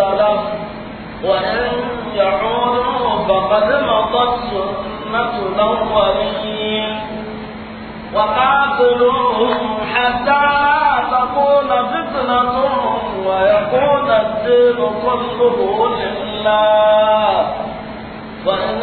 سلف وإن يعودوا فقد مضت سنة الأولين وقاتلوهم حتى تكون فتنة ويكون الدين كله لله وإن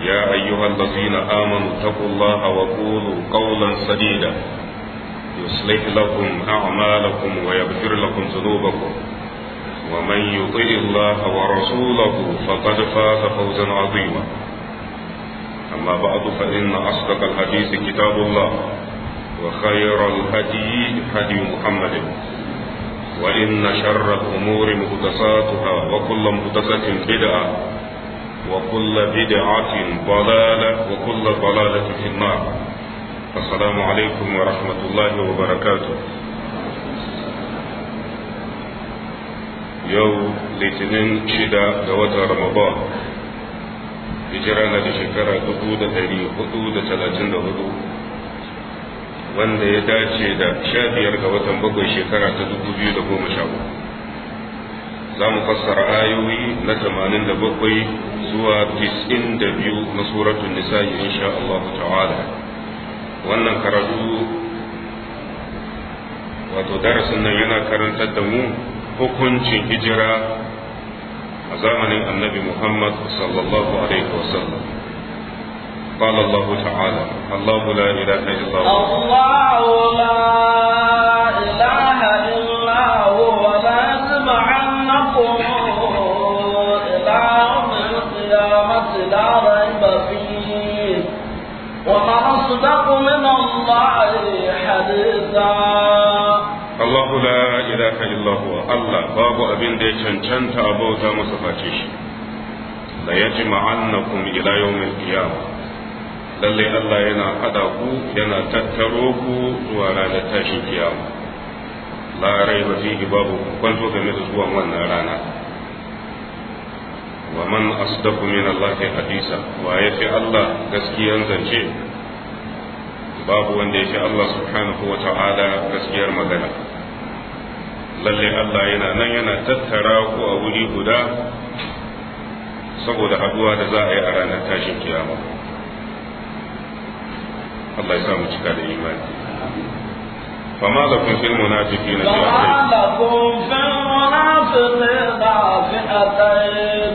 يا أيها الذين آمنوا اتقوا الله وقولوا قولا سديدا يصلح لكم أعمالكم ويغفر لكم ذنوبكم ومن يطع الله ورسوله فقد فاز فوزا عظيما أما بعد فإن أصدق الحديث كتاب الله وخير الهدي هدي محمد وإن شر الأمور مهدساتها وكل مهدسة بدعة وكل بدعة ضلالة وكل ضلالة في النار السلام عليكم ورحمة الله وبركاته يوم litinin shida ga watan ramadan hijira na da shekara dubu da da talatin da hudu wanda ya dace da sha biyar ga watan bakwai shekara ta dubu biyu da goma sha uku za mu fassara ayoyi na tamanin da bakwai zuwa da 92 na suratul nisa'i insha Allah ta'ala wannan karatu wato darasin nan yana karantar da mu hukuncin hijira a zamanin annabi Muhammad sallallahu alaihi wasallam قال الله تعالى الله لا إله إلا هو الله لا أصدق من الله حديثا الله لا إله إلا هو الله باب أبن دي چنچن تابو تامو سفاتيش لا إلى يوم القيامة lallai Allah yana haɗa ku yana tattaro ku zuwa ranar tashin kiyama la raiba fihi babu kwanto game da zuwan wannan rana wa man asdaqu min Allah wa yafi Allah gaskiyan zance babu wanda ya fi Allah subhanahu wa ta'ala gaskiyar magana lalle Allah yana nan yana tattara ku a wuri guda saboda haduwa da za a yi a ranar tashin kiyama Allah ya samu cika da imani فما لكم في المنافقين فما لكم في المنافقين فئتين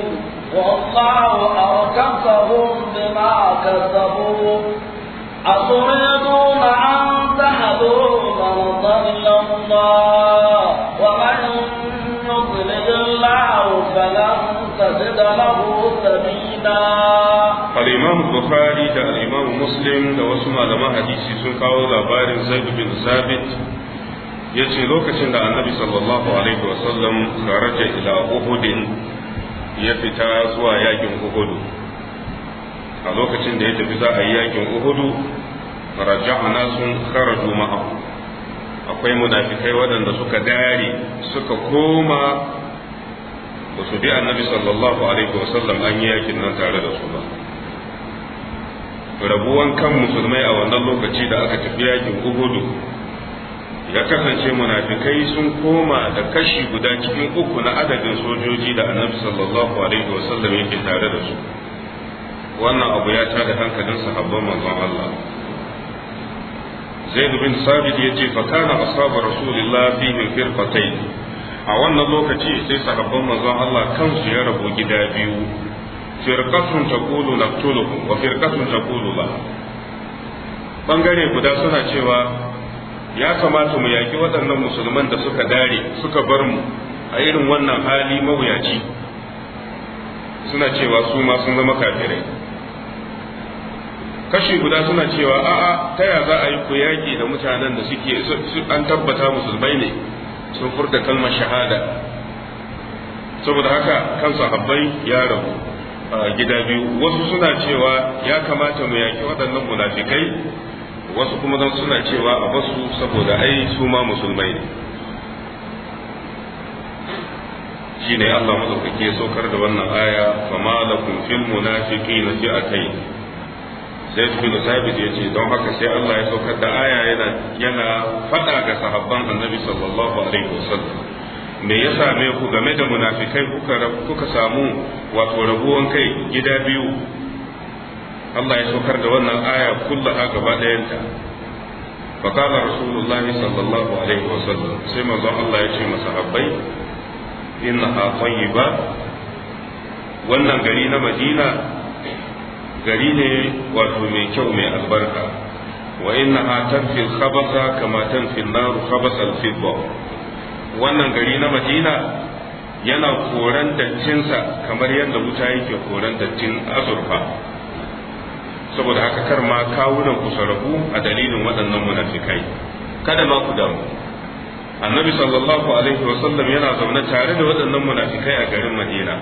والله أركسهم بما كسبوا أتريدون أن من ضل الله ومن يضلل الله فلن تجد له سبيلا bukhari da al'imam muslim da wasu malaman hadisi sun kawo labarin zaid bin sabit ya ce lokacin da annabi sallallahu alaihi wasallam kharaja ila uhudin ya fita zuwa yakin uhudu a lokacin da ya tafi za a yi yakin uhudu raja'ana sun kharaju ma'a akwai munafikai waɗanda suka dare suka koma ba su bi annabi sallallahu alaihi wasallam an yi yakin nan tare da su ba rabuwan kan musulmai a wannan lokaci da aka tafi yakin uhudu ya kasance munafikai sun koma da kashi guda cikin uku na adadin sojoji da annabi sallallahu alaihi wasallam yake tare da su wannan abu ya tada hankalin sahabban manzon Allah Zaid bin Sabit yace fa kana ashabu Rasulillah fihi firqatayn a wannan lokaci sai sahabban manzon Allah kansu ya rabu gida biyu firqatun taqulu naqtuluhum wa firqatun taqulu la bangare guda suna cewa ya kamata mu yaki waɗannan musulman da suka dare suka bar mu a irin wannan hali mawuyaci suna cewa su ma sun zama kafirai kashi guda suna cewa a'a ta ya za a yi ku da mutanen da suke an tabbata musulmai ne sun furta kalmar shahada saboda haka kan sahabbai ya rabu gida biyu wasu suna cewa ya kamata mu yaƙi waɗannan munafikai wasu kuma don suna cewa a basu saboda ai su ma musulmai ne shine Allah mazaukake saukar da wannan aya fama na munafiki a kai. zaid bin sabit ya ce don haka sai Allah ya saukar da aya yana yana fada ga sahabban annabi sallallahu alaihi wasallam me ya same ku game da munafikai kuka kuka samu wato rabuwan kai gida biyu Allah ya saukar da wannan aya kullaha gaba dayanta فقال رسول الله صلى الله عليه وسلم سيما الله يشي مصحبي إنها طيبة wannan gari na madina gari ne wato mai kyau mai albarka wa inna ha tanfi khabasa kama tanfi naru khabasa alfidda wannan gari na madina yana koran dattinsa kamar yadda wuta yake koran dattin azurfa saboda haka kar ma kawunan ku rabu a dalilin waɗannan munafikai kada ma ku damu annabi sallallahu alaihi wasallam yana zaune tare da waɗannan munafikai a garin madina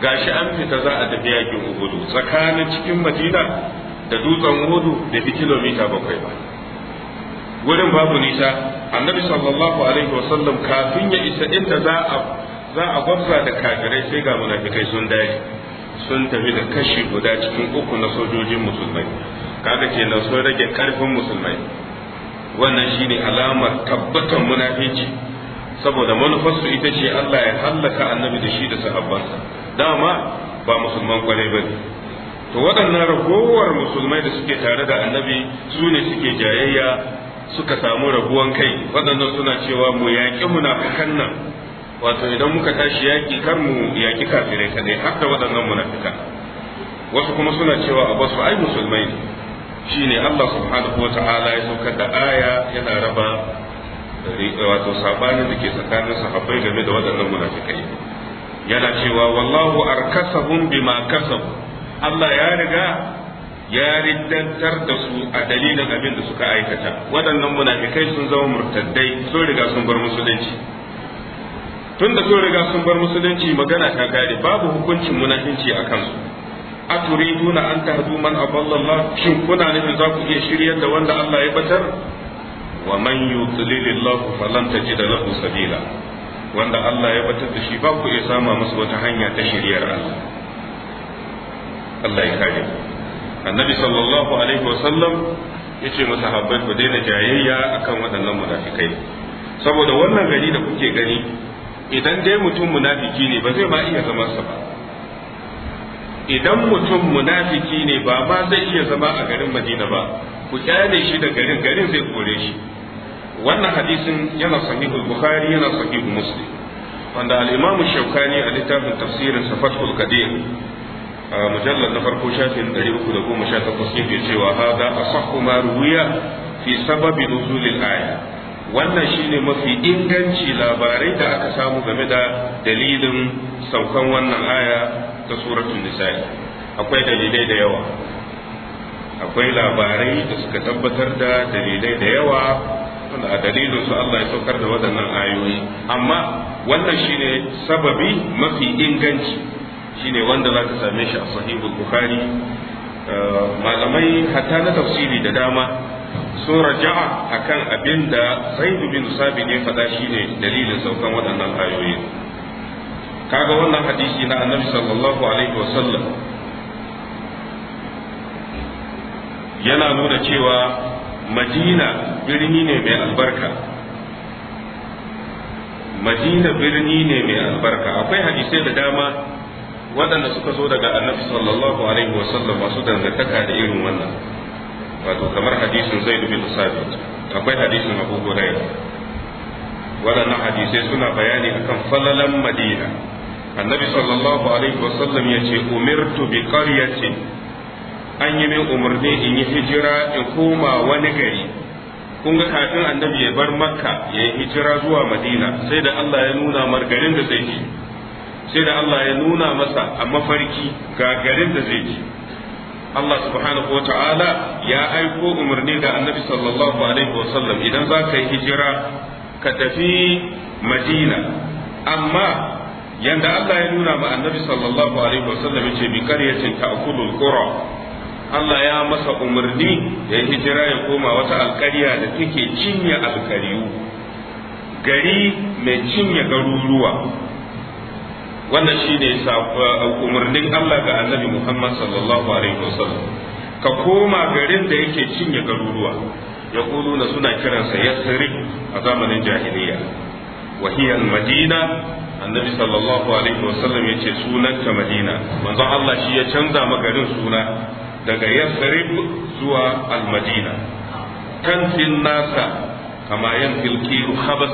gashi an fita za a tafi yakin uhudu tsakanin cikin madina da dutsen uhudu da fi kilomita bakwai ba wurin babu nisa annabi sallallahu alaihi wasallam kafin ya isa inda za a za a gwabza da kafirai sai ga munafikai sun dare sun tafi da kashi guda cikin uku na sojojin musulmai kaga kenan sun rage karfin musulmai wannan shi ne alamar tabbatar munafici saboda manufarsu ita ce Allah ya hallaka annabi da shi da sahabbansa dama ba musulman kwarai ba ne to waɗannan ragowar musulmai da suke tare da annabi su ne suke jayayya suka samu rabuwan kai waɗannan suna cewa mu yaƙi munafikan nan wato idan muka tashi yaƙi kar mu yaƙi kafirai kadai har da waɗannan munafikan wasu kuma suna cewa a basu ai musulmai shine Allah subhanahu wata'ala ya saukar da aya yana raba wato sabanin da ke tsakanin sahabbai game da waɗannan munafikai yana cewa wallahu arkasahum bima kasabu Allah ya riga ya riddantar da su a dalilin abin da suka aikata waɗannan munafikai sun zama murtaddai sun riga sun bar musulunci tun da riga sun bar musulunci magana ta gare babu hukuncin munafinci a kansu aturiduna an tahdu man adalla Allah shin kuna nufin za ku iya shiryar da wanda Allah ya batar wa man yudlilillahu falan tajida lahu sabila wanda Allah ya batar da shi ba ku iya sama masa wata hanya ta shiryar Allah Allah ya kare annabi sallallahu alaihi wasallam yace habbai ku daina jayayya akan waɗannan munafikai saboda wannan gari da kuke gani idan dai mutum munafiki ne ba zai ma iya zama sa ba idan mutum munafiki ne ba ma zai iya zama a garin madina ba ku kyale shi da garin garin zai kore shi wannan hadisin yana sahihu bukhari yana sahihu muslim wanda al-imam shaukani a littafin tafsirin safatul qadir mujallad na farko shafin 318 yake cewa hada asahhu ma ruwiya fi sababi nuzulil aya wannan shine mafi inganci labarai da aka samu game da dalilin saukan wannan aya ta suratun nisa'i akwai dalilai da yawa akwai labarai da suka tabbatar da dalilai da yawa wanda a dalilin su Allah ya saukar da waɗannan ayoyi amma wannan shine sababi mafi inganci shine wanda za ka same shi a sahihul bukhari uh, malamai hatta na tafsiri da dama sun raja'a akan abin da zaid bin sabi ne faɗa shine dalilin saukan waɗannan ayoyi kaga wannan hadisi na annabi sallallahu alaihi wa sallam, yana nuna cewa madina birni ne mai albarka madina birni ne mai albarka akwai hadisai da dama waɗanda suka zo daga annabi sallallahu alaihi wa sallam masu dangantaka da irin wannan wato kamar hadisin zaid bin sabit akwai hadisin abu hurairah waɗannan hadisai suna bayani akan falalan madina annabi sallallahu alaihi wasallam ya ce umirtu bi qaryatin an yi min umarni in yi hijira in koma wani gari kun ga kafin annabi ya bar makka ya yi hijira zuwa madina sai da allah ya nuna margarin da zai je sai da allah ya nuna masa a mafarki ga garin da zai je allah subhanahu wa ta'ala ya aiko umarni ga annabi sallallahu alaihi wasallam idan za ka yi hijira ka tafi madina amma yanda Allah ya nuna ma annabi sallallahu alaihi wasallam yace bi qaryatin ta'kulul qura Allah ya masa umarni ya hijira ya koma wata alƙarya da take cinye alƙariyu gari mai cinye garuruwa wannan shine uh, umarnin Allah ga annabi Muhammad sallallahu alaihi wasallam ka koma garin da yake cinye garuruwa ya suna kiransa yasri a zamanin jahiliya Wahiyar المدينة annabi sallallahu alaihi wasallam ya ce sunanta madina manzon Allah shi ya canza magarin suna daga yasrib zuwa almadina kantin nasa kama yan filkiru khabas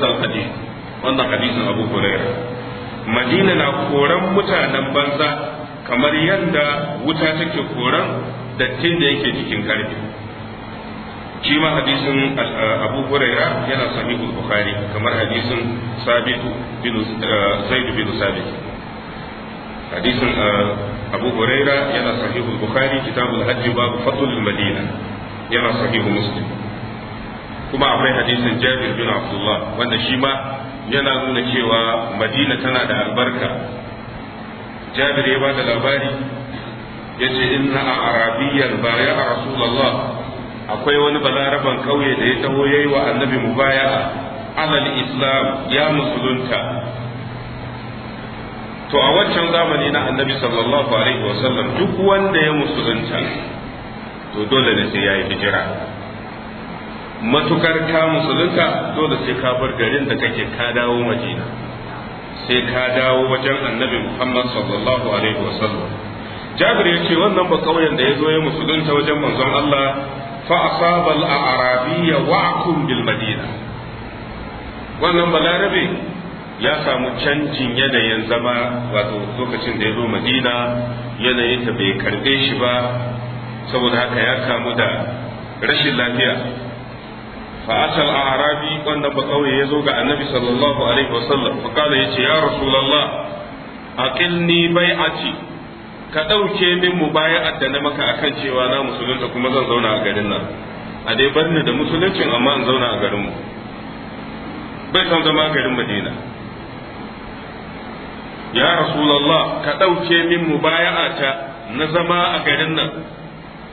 wannan hadisin abu hurairah madina na koran mutanen banza kamar yadda wuta take koran dattin da yake cikin karfe. shi ma hadisin uh, abu huraira yana sahihul bukhari kamar hadisin sabit bin uh, zaid bin sabit hadisin uh, abu huraira yana sahihul bukhari kitabul Hajji babu fatul madina yana sahihul muslim kuma akwai hadisin jabir bin abdullah wanda shi ma yana nuna cewa madina tana da albarka jabir ya ba da labari ya yace inna arabiyan baya a rasulullah akwai wani balaraban kauye da ya taho yayi wa annabi mubaya'a alal islam ya musulunta to a waccan zamani na annabi sallallahu alaihi wasallam duk wanda ya musulunta to dole ne sai yayi hijira matukar ka musulunta dole sai ka bar garin da kake ka dawo madina sai ka dawo wajen annabi muhammad sallallahu alaihi wasallam jabir ya ce wannan ba kauyen da ya zo ya musulunta wajen manzon allah fa asaba al-arabiyya madina wannan balarabe ya samu canjin yanayin zama wato lokacin da ya zo madina yanayin ta bai karbe shi ba saboda haka ya kamu da rashin lafiya فأتى الأعرابي وأن بقوله يزوج النبي صلى الله عليه وسلم فقال يا رسول الله أقلني بيعتي ka ɗauke min mu bayan na maka akan cewa na musulunta kuma zan zauna a garin nan a dai bar ni da musuluncin amma in zauna a garin mu bai san zama garin madina ya rasulullah ka ɗauke min mu bayan ta na zama a garin nan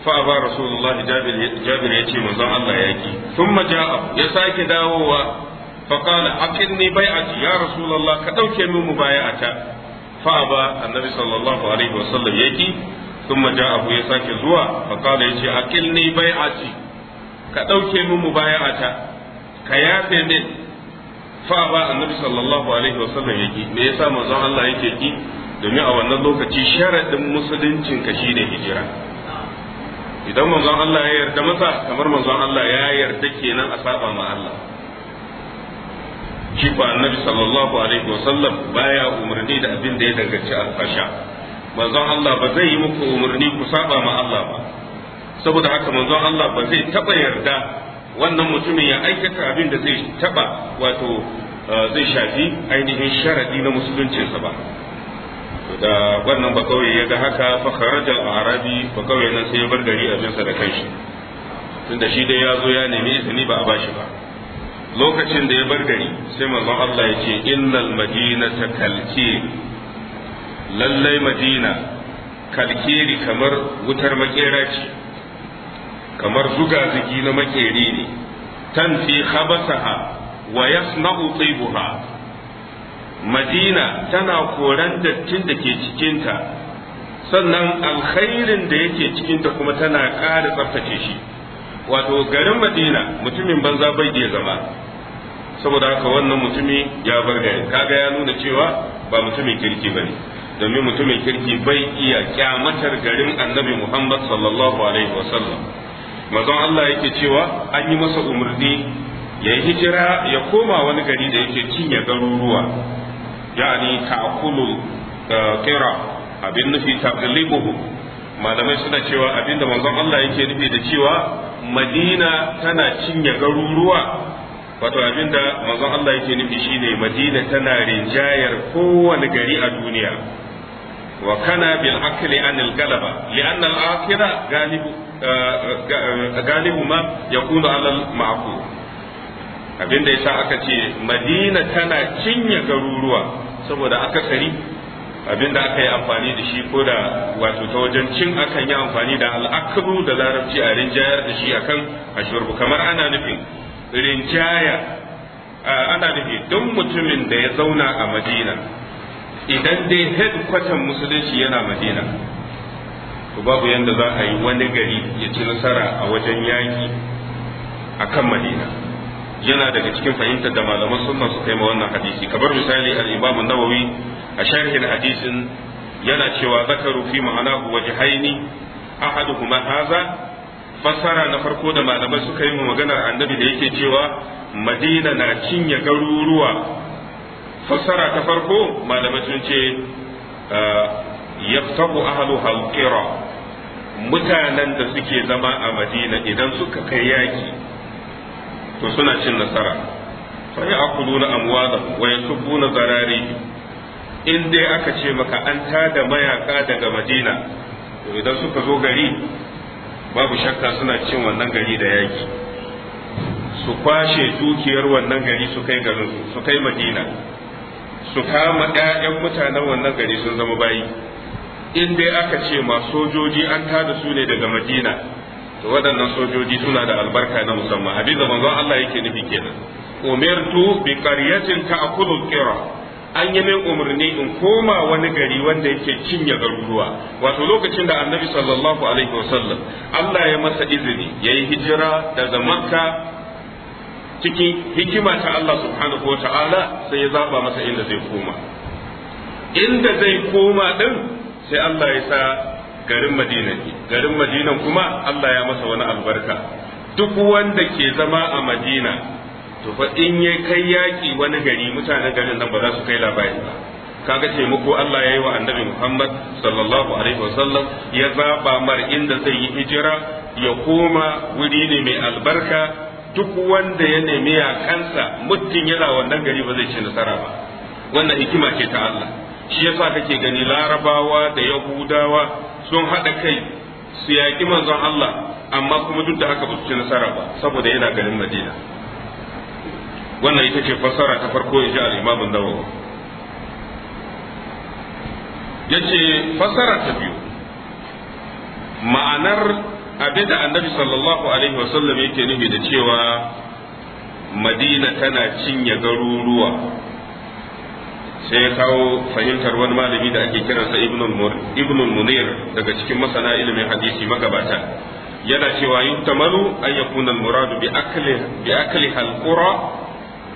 fa aba rasulullah jabir ya ce manzon Allah ya ki thumma ya sake dawowa fa qala aqinni bai'ati ya rasulullah ka ɗauke min mu bayan ta فأبى النبي صلى الله عليه وسلم يجي ثم جاءه يساك زوا فقال يجي أكلني بيعتي كأوكي من مبايعتا كيافي من فأبى النبي صلى الله عليه وسلم يجي ليسا مزان الله يجي دمي a wannan lokaci sharaɗin musuluncin ka shi ne hijira idan manzon Allah ya yarda masa kamar manzon Allah ya yarda kenan a saba ma Allah shi annabi sallallahu alaihi wasallam baya umarni da abin da ya danganci alfasha manzon Allah ba zai yi muku umarni ku saba ma Allah ba saboda haka manzon Allah ba zai taba yarda wannan mutumin ya aikata abin da zai taba wato uh, zai shafi ainihin sharadi na musuluncinsa ba da wannan ba kawai ya ga haka fa kharaja arabi ba kawai nan sai ya bar gari a sa da kanshi tunda shi dai ya zo ya nemi izini ba a bashi ba lokacin da ya bar gari sai manzon Allah ya ce innal madinata kalke lallai madina kalkiri kamar wutar makera ce kamar zuga zugi na makeri ne fi khabasaha wa yasna'u tibuha madina tana koran dattin da ke cikinta sannan alkhairin da yake cikinta kuma tana ƙara tsaftace shi wato garin madina mutumin banza bai da zama saboda haka wannan mutumi ya bar gari kaga ya nuna cewa ba mutumin kirki bane domin mutumin kirki bai iya kyamatar garin annabi muhammad sallallahu alaihi wasallam mazan allah yake cewa an yi masa umarni ya yi hijira ya koma wani gari da yake cinye garuruwa yani takulu eh, qira abin nufi taqlibuhu malamai suna cewa abinda manzon Allah yake nufi da cewa madina tana cinye garuruwa wato abinda manzon Allah yake nufi shine madina tana rinjayar kowane gari a duniya wa kana bil akli anil galaba li'an al akhira galibu eh, eh, galibu ma yakunu ala al abinda yasa aka ce madina tana cinye garuruwa saboda akasari abin da aka yi amfani da shi ko da wato ta wajen cin akan yi amfani da al'akru da larabci a rinjayar da shi akan ashurbu kamar ana nufin rinjaya ana nufi don mutumin da ya zauna a madina idan dai headquarter musulunci yana madina to babu yadda za a yi wani gari ya ci nasara a wajen yaki a kan madina yana daga cikin fahimtar da malaman sunna su kai wannan hadisi kamar misali al-imam nawawi a sharhin hadisin yana cewa zakaru fi ma'anahu wajhaini ahaduhuma haza Fasara na farko da malamai suka yi mu maganar annabi da yake cewa madina na cinye garuruwa Fasara ta farko malamai sun ce ah, yaftahu ahlu halqira mutanen da suke zama a madina idan suka kai yaki to suna cin nasara fa ya akuluna amwalahum wa yasubuna zarari in dai aka ce maka an tada mayaka daga madina to idan suka zo gari babu shakka suna cin wannan gari da yaki su kwashe dukiyar wannan gari su kai garin su kai madina su kama ƴaƴan mutanen wannan gari sun zama bayi in dai aka ce ma sojoji an tada su ne daga madina to waɗannan sojoji suna da albarka na musamman abin da manzon Allah yake nufi kenan umirtu bi qaryatin ta'kulu qira an yi min umarni in koma wani gari wanda yake cinye garuruwa wato lokacin da annabi sallallahu alaihi wasallam Allah ya masa izini ya yi hijira daga makka cikin hikima ta Allah subhanahu wa ta'ala sai ya zaba masa inda zai koma inda zai koma din sai Allah ya sa garin Madina garin Madina kuma Allah ya masa wani albarka duk wanda ke zama a Madina to fa in ya kai yaƙi wani gari mutanen garin nan ba za su kai labari ba kaga taimako Allah ya yi wa annabi Muhammad sallallahu alaihi wasallam ya zaba mar inda zai yi hijira ya koma wuri ne mai albarka duk wanda ya nemi ya kansa mutum yana wannan gari ba zai ci nasara ba wannan hikima ce ta Allah shi yasa kake gani larabawa da yahudawa sun haɗa kai su yaƙi manzon Allah amma kuma duk da haka ba su ci nasara ba saboda yana garin Madina wannan ita ce fassara ta farko ya ji al'imamun nawawi ya ce fassara ta biyu ma'anar abin da annabi sallallahu alaihi wasallam yake nufi da cewa madina tana cinye garuruwa sai ya kawo fahimtar wani malami da ake kiransa ibnul munir daga cikin masana ilimin hadisi magabata yana cewa yuhtamalu an yakuna muradu bi akli bi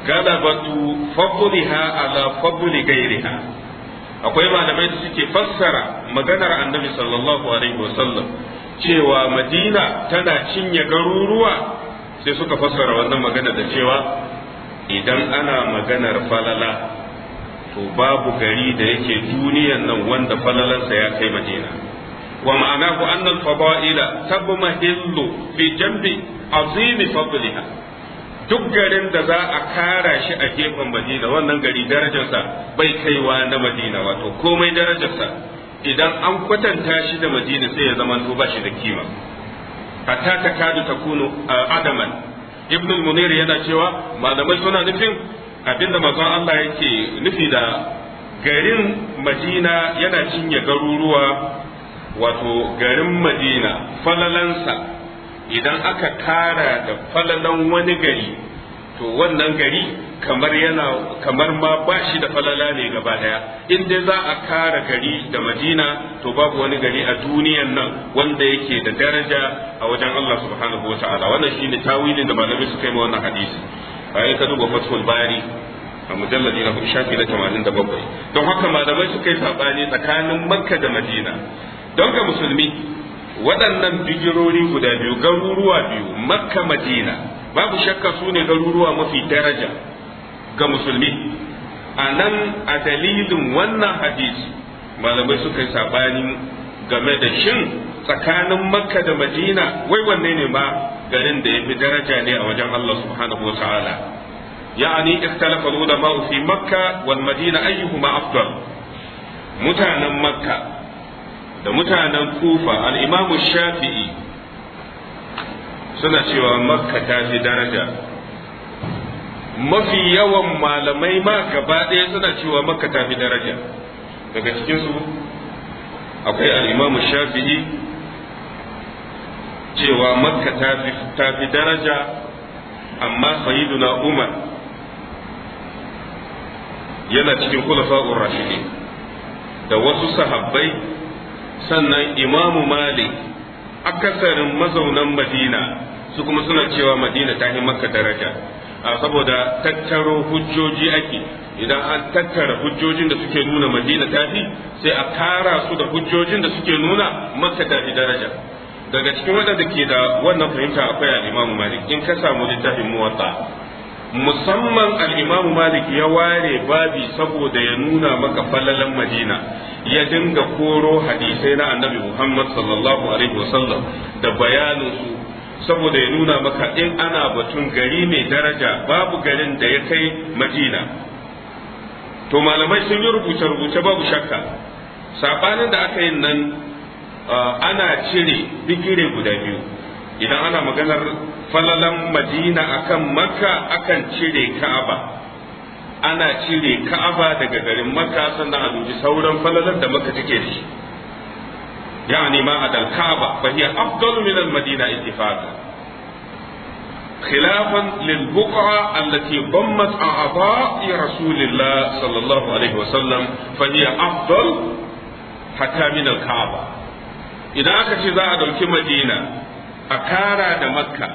galabatu fadliha ala fadli gairiha akwai malamai da suke fassara maganar annabi sallallahu alaihi wasallam cewa madina tana cinye garuruwa sai suka fassara wannan magana da cewa idan ana maganar falala to babu gari da yake duniyan nan wanda falalansa ya kai madina wa ma'anahu annal fada'ila tabmahillu fi jambi azimi fadliha duk garin da za a kara shi a gefen madina wannan gari darajarsa bai kaiwa na madina wato komai darajarsa idan an kwatanta shi da madina sai ya zama to ba shi da kima hatta ta kadu ta kunu adaman ibn munir yana cewa malamai suna nufin abinda manzon Allah yake nufi da garin madina yana cinye garuruwa wato garin madina falalansa idan aka kara da falalan wani gari to wannan gari kamar yana kamar ma ba shi da falala ne gaba daya in dai za a kara gari da madina to babu wani gari a duniyan nan wanda yake da daraja a wajen Allah subhanahu wataala wannan ne tawilin da malami su kai ma wannan hadisi bayan ka duba fatul bari a mujalladi na shafi na 87 don haka malamai su kai sabani tsakanin makka da madina don ga musulmi waɗannan bigirori guda biyu garuruwa biyu makka madina babu shakka su ne garuruwa mafi daraja ga musulmi a nan a dalilin wannan hadisi malamai suka yi saɓani game da shin tsakanin makka da madina wai wanne ne ma garin da ya fi daraja ne a wajen allah subhanahu wa ta'ala ya'ani ikhtalafa ulama fi makka wal madina ayyuhuma afdal mutanen makka da mutanen kufa al'imamu shafi'i suna cewa makka ta fi daraja mafi yawan malamai ma gaba ɗaya suna cewa makka ta fi daraja daga cikinsu akwai al'imamu shafi'i cewa makka ta fi daraja amma sayyiduna umar yana cikin kulafa'ur rashidi da wasu sahabbai sannan imamu malik akasarin mazaunan madina su kuma suna cewa madina ta yi maka daraja saboda tattaro hujjoji ake idan an tattara hujjojin da suke nuna madina ta fi sai a kara su da hujjojin da suke nuna maka ta fi daraja daga cikin waɗanda ke da wannan fahimta akwai al'imamu malik in ka samu littafin muwatta musamman al'imamu malik ya ware babi saboda ya nuna maka falalan madina ya dinga koro hadisai na annabi muhammad sallallahu alaihi wasallam da bayaninsu saboda ya nuna maka in ana batun gari mai daraja babu garin da ya kai madina to malamai sun yi rubuce-rubuce babu shakka sabanin da aka yin nan ana cire bigire guda biyu idan ana maganar falalan madina akan makka akan cire ka'aba ana cire ka'aba daga garin makka sannan a duji sauran falalan da makka take da shi yani ma adal ka'aba fa hiya afdalu min al madina ittifaqa khilafan lil buqa allati dammat a'dha'i rasulillah sallallahu alaihi wasallam fa hiya afdal hatta min al ka'aba idan aka ce za a dauki madina a kara da makka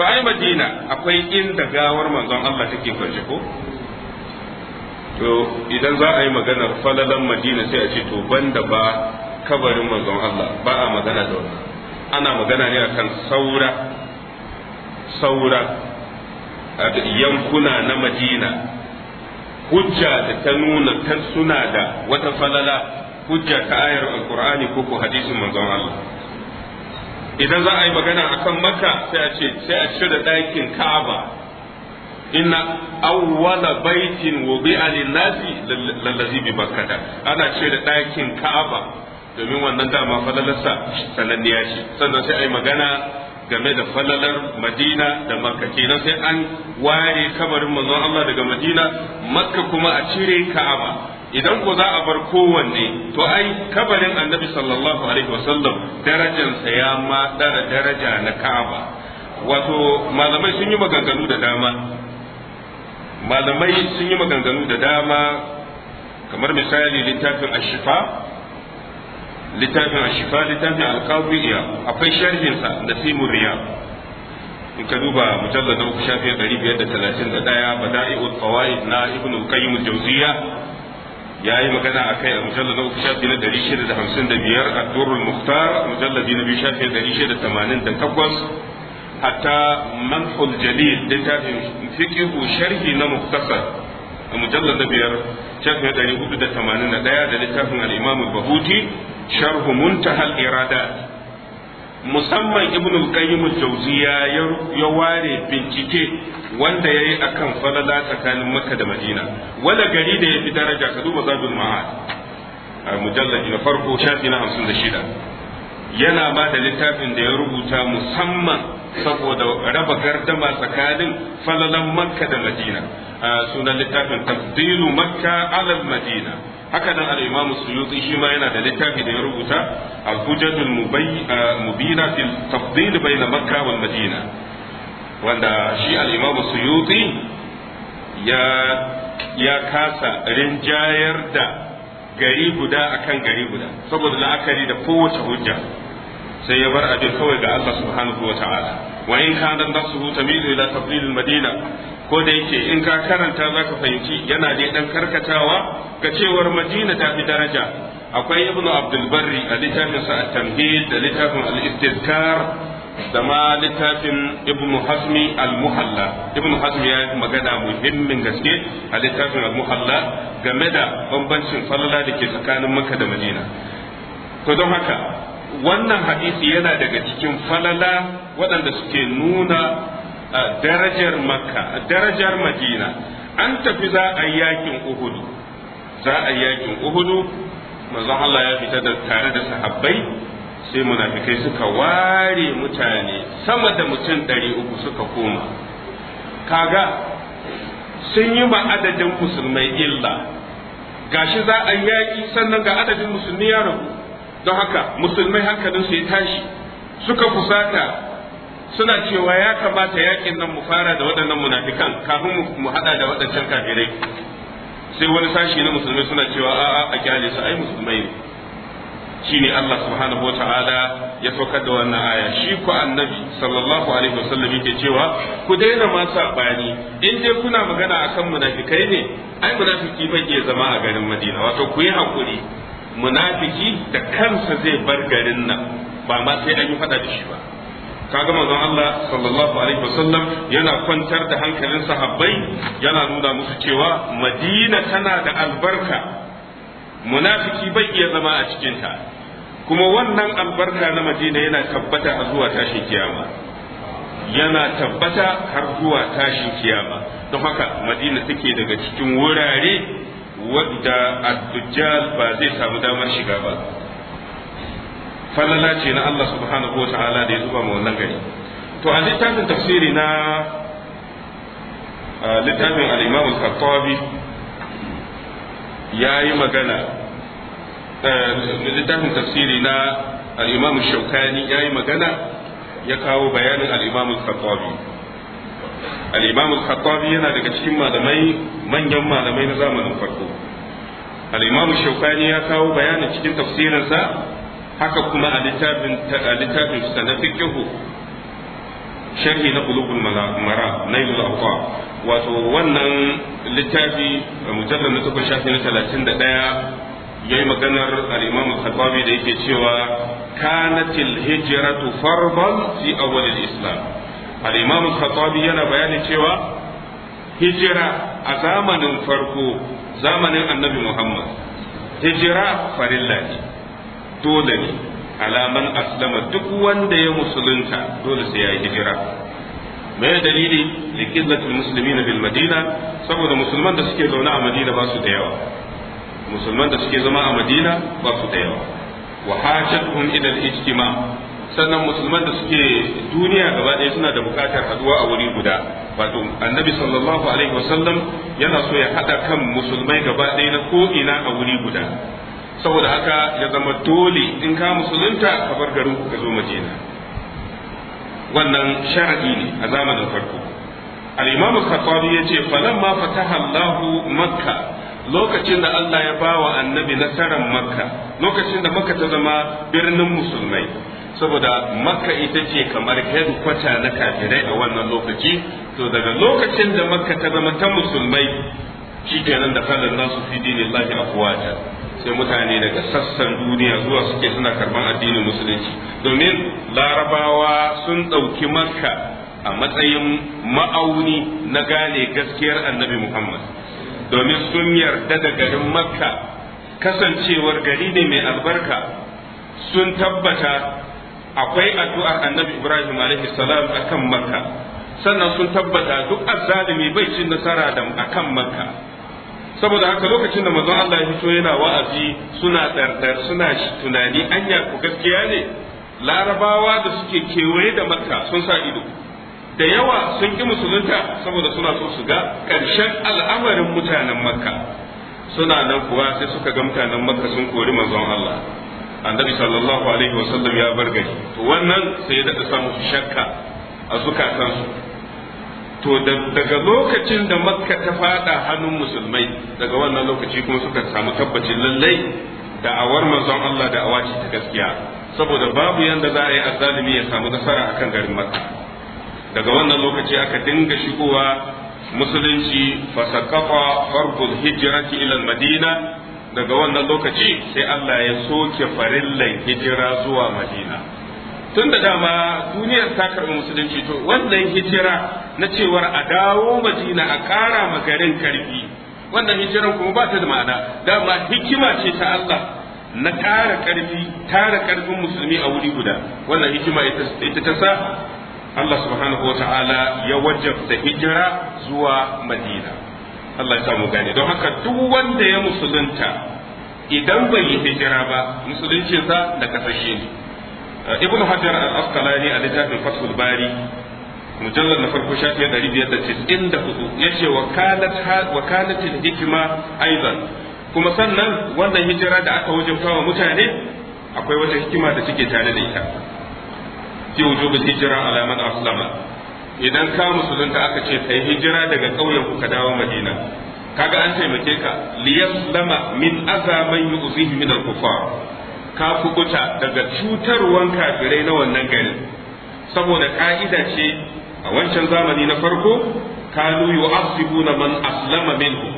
to ai madina akwai inda gawar manzon Allah take kwance ko to idan za a yi maganar falalan madina sai a ce to banda ba kabarin manzon Allah ba a magana da wani ana magana ne akan saura saura yankuna na madina hujja da ta nuna ta suna da wata falala hujja ta ayar alkur'ani ko ko hadisin manzon Allah idan za a yi magana akan maka sai a ce sai a cire ɗakin ka'aba inna awwala baitin wubi'a lin-nasi lallazi bi bakkata ana da ɗakin ka'aba domin wannan dama falalarsa sananniya ce sannan sai a yi magana game da falalar madina da makka kenan sai an waye kabarin manzon Allah daga madina makka kuma a cire ka'aba idan ko za a bar kowanne to ai kabarin annabi sallallahu alaihi wasallam darajarsa ya ma dara daraja na ka'aba wato malamai sun yi maganganu da dama malamai sun yi maganganu da dama kamar misali littafin ashifa littafin ashifa littafin alkawiya akwai sharhinsa da simuriya in ka duba mujallar na uku shafin 531 bada'i'ul fawaid na ibnu qayyim al-jawziyya ya yi magana a kai a mujallar na uku shafi na dari shida da hamsin da biyar a turul muhtar mujallabi na biyu shafi na dari shida tamanin da takwas hatta manhul jalil littafin fiqihu sharhi na muktasar a mujallar da biyar shafi na dari hudu da tamanin da ɗaya da littafin al'imamu bahuti sharhu muntahal iradat musamman ibn al-qayyim al-jawziya ya ware bincike wanda yayi akan falala tsakanin makka da madina wala gari da yafi daraja ka duba zabul ma'ad mujallad na farko shafi na 56 yana ma da littafin da ya rubuta musamman saboda raba gardama tsakanin falalan makka da madina sunan littafin tafdilu makka ala madina haka nan al-imam suyuti shi ma yana da littafi da ya rubuta al-hujatul ah, mubina fil tafdil bayna makka wal madina wanda shi al-imam suyuti ya ya kasa rinjayar da gari guda akan gari guda saboda la'akari da kowace hujja sai ya bar abin kawai ga Allah subhanahu wa ta'ala wa in kana nasuhu tamilu ila tafdil al-madina ko da yake in ka karanta za ka fahimci yana dai dan karkatawa ga cewar madina ta fi daraja akwai ibn abdul barri a littafin sa tamhid da littafin al-istizkar da ma littafin ibn hasmi al-muhalla ibn hasmi ya yi magana muhimmin gaske a littafin al-muhalla game da bambancin falala da ke tsakanin makka da madina to don haka wannan hadisi yana daga cikin falala waɗanda suke nuna a darajar makka darajar madina an tafi za a yakin uhudu za a yakin uhudu manzon Allah ya fita da tare da sahabbai sai munafikai suka ware mutane sama da mutum ɗari uku suka koma kaga sun yi ba adadin musulmai illa gashi za a yaki sannan ga adadin musulmi ya rabu don haka musulmai hankalinsu ya tashi suka fusata suna cewa ya kamata yakin nan mu fara da waɗannan munafikan kafin mu hada da waɗancan kafirai sai wani sashi na musulmai suna cewa a'a a kyale su ai musulmai ne shine Allah subhanahu wata'ala ya saukar da wannan aya shi ku annabi sallallahu alaihi wasallam yake cewa ku daina ma sabani in dai kuna magana akan munafikai ne ai munafiki ba ya zama a garin Madina wato ku yi hakuri munafiki da kansa zai bar garin nan ba ma sai an yi fada da shi ba kaga manzon Allah sallallahu alaihi wasallam yana kwantar da hankalin sahabbai yana nuna musu cewa Madina tana da albarka munafiki bai iya zama a cikinta kuma wannan albarka na Madina yana tabbata har zuwa tashin kiyama yana tabbata har zuwa tashin kiyama don haka Madina take daga cikin wurare wadda ad ba zai samu damar shiga ba falala ce na Allah subhanahu wataala da ya zuba ma wannan gari to a littafin tafsiri na littafin al-Imam al-Khattabi yayi magana littafin tafsiri na al-Imam Shawkani yayi magana ya kawo bayanin al-Imam al-Khattabi al-Imam al-Khattabi yana daga cikin malamai manyan malamai na zamanin farko al-Imam Shawkani ya kawo bayanin cikin tafsirinsa haka kuma a littafin a sa na fiqhu sharhi na qulubul mara nailul awqa wato wannan littafi mujallal na takwas shafi na ya yayi maganar al al-khattabi da yake cewa kanatil hijratu farban fi awwal islam al-imam al-khattabi yana bayani cewa hijira a zamanin farko zamanin annabi muhammad hijira farin ne dole ne alaman aslama duk wanda ya musulunta dole sai ya yi hijira me dalili li qillatil muslimin bil madina saboda musulman da suke zaune a madina ba su da yawa musulman da suke zama a madina ba su da yawa wa hajatuhum ila al-ijtima sannan musulman da suke duniya gaba ɗaya suna da buƙatar haduwa a wuri guda wato annabi sallallahu alaihi wasallam yana so ya haɗa kan musulmai gaba ɗaya na ko ina a wuri guda saboda haka ya zama dole in ka musulunta ka bar garin ku ka zo madina wannan sharadi ne a zamanin farko al-imam al-khattabi yace falamma fataha Allah makka lokacin da Allah ya bawa annabi nasaran makka lokacin da makka ta zama birnin musulmai saboda makka ita ce kamar kwata na kafirai a wannan lokaci to daga lokacin da makka ta zama ta musulmai shikenan da fadar nasu fi dinillahi afwaja sai mutane daga sassan duniya zuwa suke suna karban addinin musulunci domin larabawa sun ɗauki makka a matsayin ma'auni na gane gaskiyar annabi muhammad domin sun yarda da garin makka kasancewar gari ne mai albarka sun tabbata akwai addu'ar annabi ibrahim alaihi a akan makka sannan sun tabbata duk azzalimi bai cin nasara da akan makka saboda haka lokacin da mazan Allah ya fito yana wa'azi suna dardar suna tunani anya ku gaskiya ne larabawa da suke kewaye da makka sun sa ido da yawa sun ki musulunta saboda suna so su ga ƙarshen al'amarin mutanen makka suna nan kuwa sai suka ga mutanen makka sun kori mazan Allah annabi sallallahu alaihi wasallam ya bar gari to wannan sai da ta samu shakka a zukatansu to daga lokacin da makka ta fada hannun musulmai daga wannan lokaci kuma suka samu tabbacin lallai da'awar manzon Allah da awaci ta gaskiya saboda babu yanda za a yi azalimi ya samu nasara akan garin makka daga wannan lokaci aka dinga shigowa musulunci fasakafa farbul hijrati ila madina daga wannan lokaci sai Allah ya soke farillan hijira zuwa madina tun da dama duniyar ta karɓi musulunci to wannan hijira na cewar a dawo madina a ƙara ma garin karfi wannan hijiran kuma ba ta da ma'ana dama hikima ce ta Allah na ƙara karfi tara karfin musulmi a wuri guda wannan hikima ita ta sa Allah subhanahu wa ta'ala ya wajabta hijira zuwa madina Allah ya samu gane don haka duk wanda ya musulunta idan bai yi hijira ba musuluncinsa da kasashe ne Uh, ibnu hajar al-asqalani a littafin fathul bari mujallar na farko shafi ɗari biyar da tis'in da hudu ya ce wakalatin hikima aizan kuma sannan wannan hijira da aka wajabta wa mutane akwai wata hikima da take tare da ita fi wujubul hijira ala man aslama idan ka musulunta aka ce kai hijira daga ƙauyen ku ka dawo madina kaga an taimake ka liyaslama min azaman yu'zihi min al-kufar ka kubuta daga cutarwan kafirai na wannan gari saboda ka'ida ce a wancan zamani na farko kanu yu'azzibuna man aslama minhu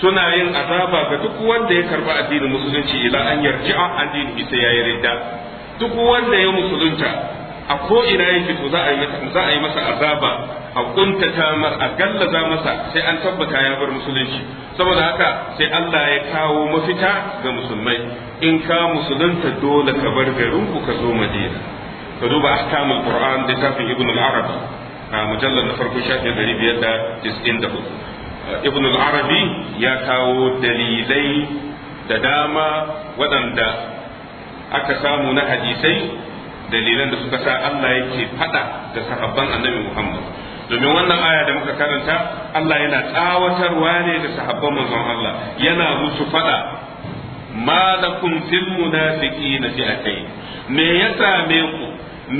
suna yin azaba ga duk wanda ya karba addinin musulunci ila an yarji'a addinin sai yayi ridda duk wanda ya musulunta a ko ina yake to za a yi za a yi masa azaba a kuntata mar a gallaza masa sai an tabbata ya bar musulunci saboda haka sai Allah ya kawo mafita ga musulmai in ka musulunta dole ka bar garin ku ka zo Madina ka duba ahkamul Qur'an da tafin Ibn al-Arabi a mujallal na farko shafin 594 Ibn al-Arabi ya kawo dalilai da dama waɗanda aka samu na hadisai dalilan da suka sa Allah yake faɗa da sahabban annabi Muhammad domin wannan aya da muka karanta Allah yana tsawatarwa ne da sahabban manzon Allah yana musu faɗa ma lakum fil munafiqina fi'atayn me yasa me ku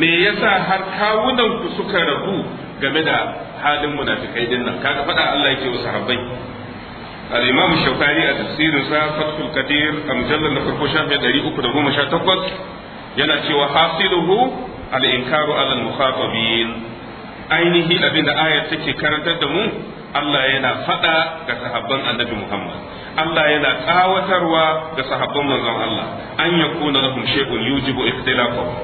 me yasa har kawunan ku suka rabu game da halin munafikai dinnan kaga faɗa Allah yake wa sahabbai الإمام الشوكاني التفسير سا فتح الكثير المجلد الفرقوشة في دريق كدهو مشاتفت yana cewa hasiluhu al-inkaru ala al-mukhatabin ainihi abinda ayar take karantar da mu Allah yana faɗa ga sahabban annabi Muhammad Allah yana tsawatarwa ga sahabban manzon Allah an yakuna lahum shay'un yujibu ikhtilafahum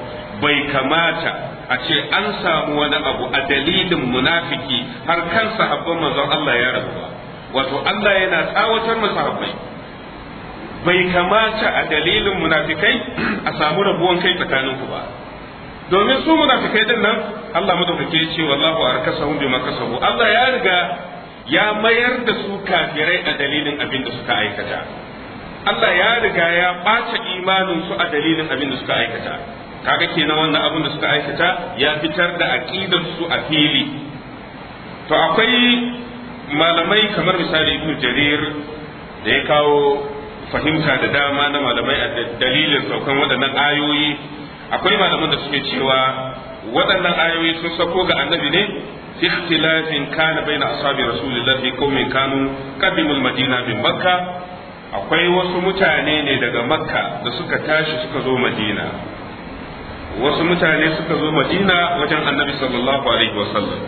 bai kamata a ce an samu wani abu a dalilin munafiki har kan sahabban manzon Allah ya rabu ba wato Allah yana tsawatar masahabbai bai kamata a dalilin munafikai a samu rabuwan kai tsakaninku ba domin su munafikai din nan Allah madaukake ya ce wallahu arkasahum bima kasabu Allah ya riga ya mayar da su kafirai a dalilin abin da suka aikata Allah ya riga ya ɓace imanin su a dalilin abin da suka aikata kaga kenan wannan abin da suka aikata ya fitar da aqidar su a fili to akwai malamai kamar misali Ibn Jarir da ya kawo fahimta da dama na malamai a dalilin saukan waɗannan ayoyi akwai malaman da suke cewa waɗannan ayoyi sun sako ga annabi ne ikhtilafin kana baina ashabi rasulillahi qaumin kanu qadimul madina min makka akwai wasu mutane ne daga makka da suka tashi suka zo madina wasu mutane suka zo madina wajen annabi sallallahu alaihi wasallam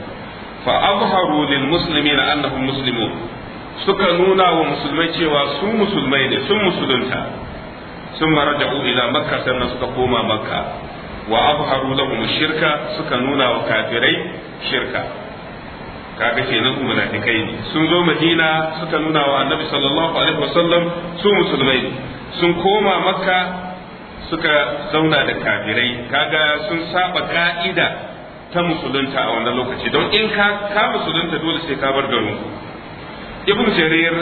fa azharu lil muslimina annahum muslimun suka nuna wa musulmai cewa sun musulmai ne sun musulunta sun maraja'u ila makka sannan suka koma makka wa abharu lahum shirka suka nuna wa kafirai shirka kaga kenan su kai ne sun zo madina suka nuna wa annabi sallallahu alaihi wasallam su musulmai ne sun koma makka suka zauna da kafirai kaga sun saba ka'ida ta musulunta a wannan lokaci don in ka musulunta dole sai ka bar garin ibn jarir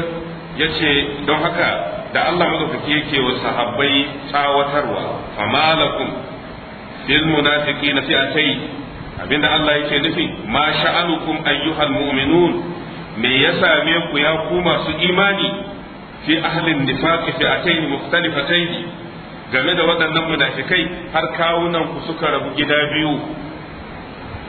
ya ce don haka da Allah madaukaki yake wa sahabbai tsawatarwa fama lakum fil munafiqina fi'atay abinda Allah yake nufi ma sha'anukum ayyuhal mu'minun me ya same ku ya ku masu imani fi ahlin nifaqi fi'atayn mukhtalifatayn game da waɗannan munafikai har kawunan ku suka rabu gida biyu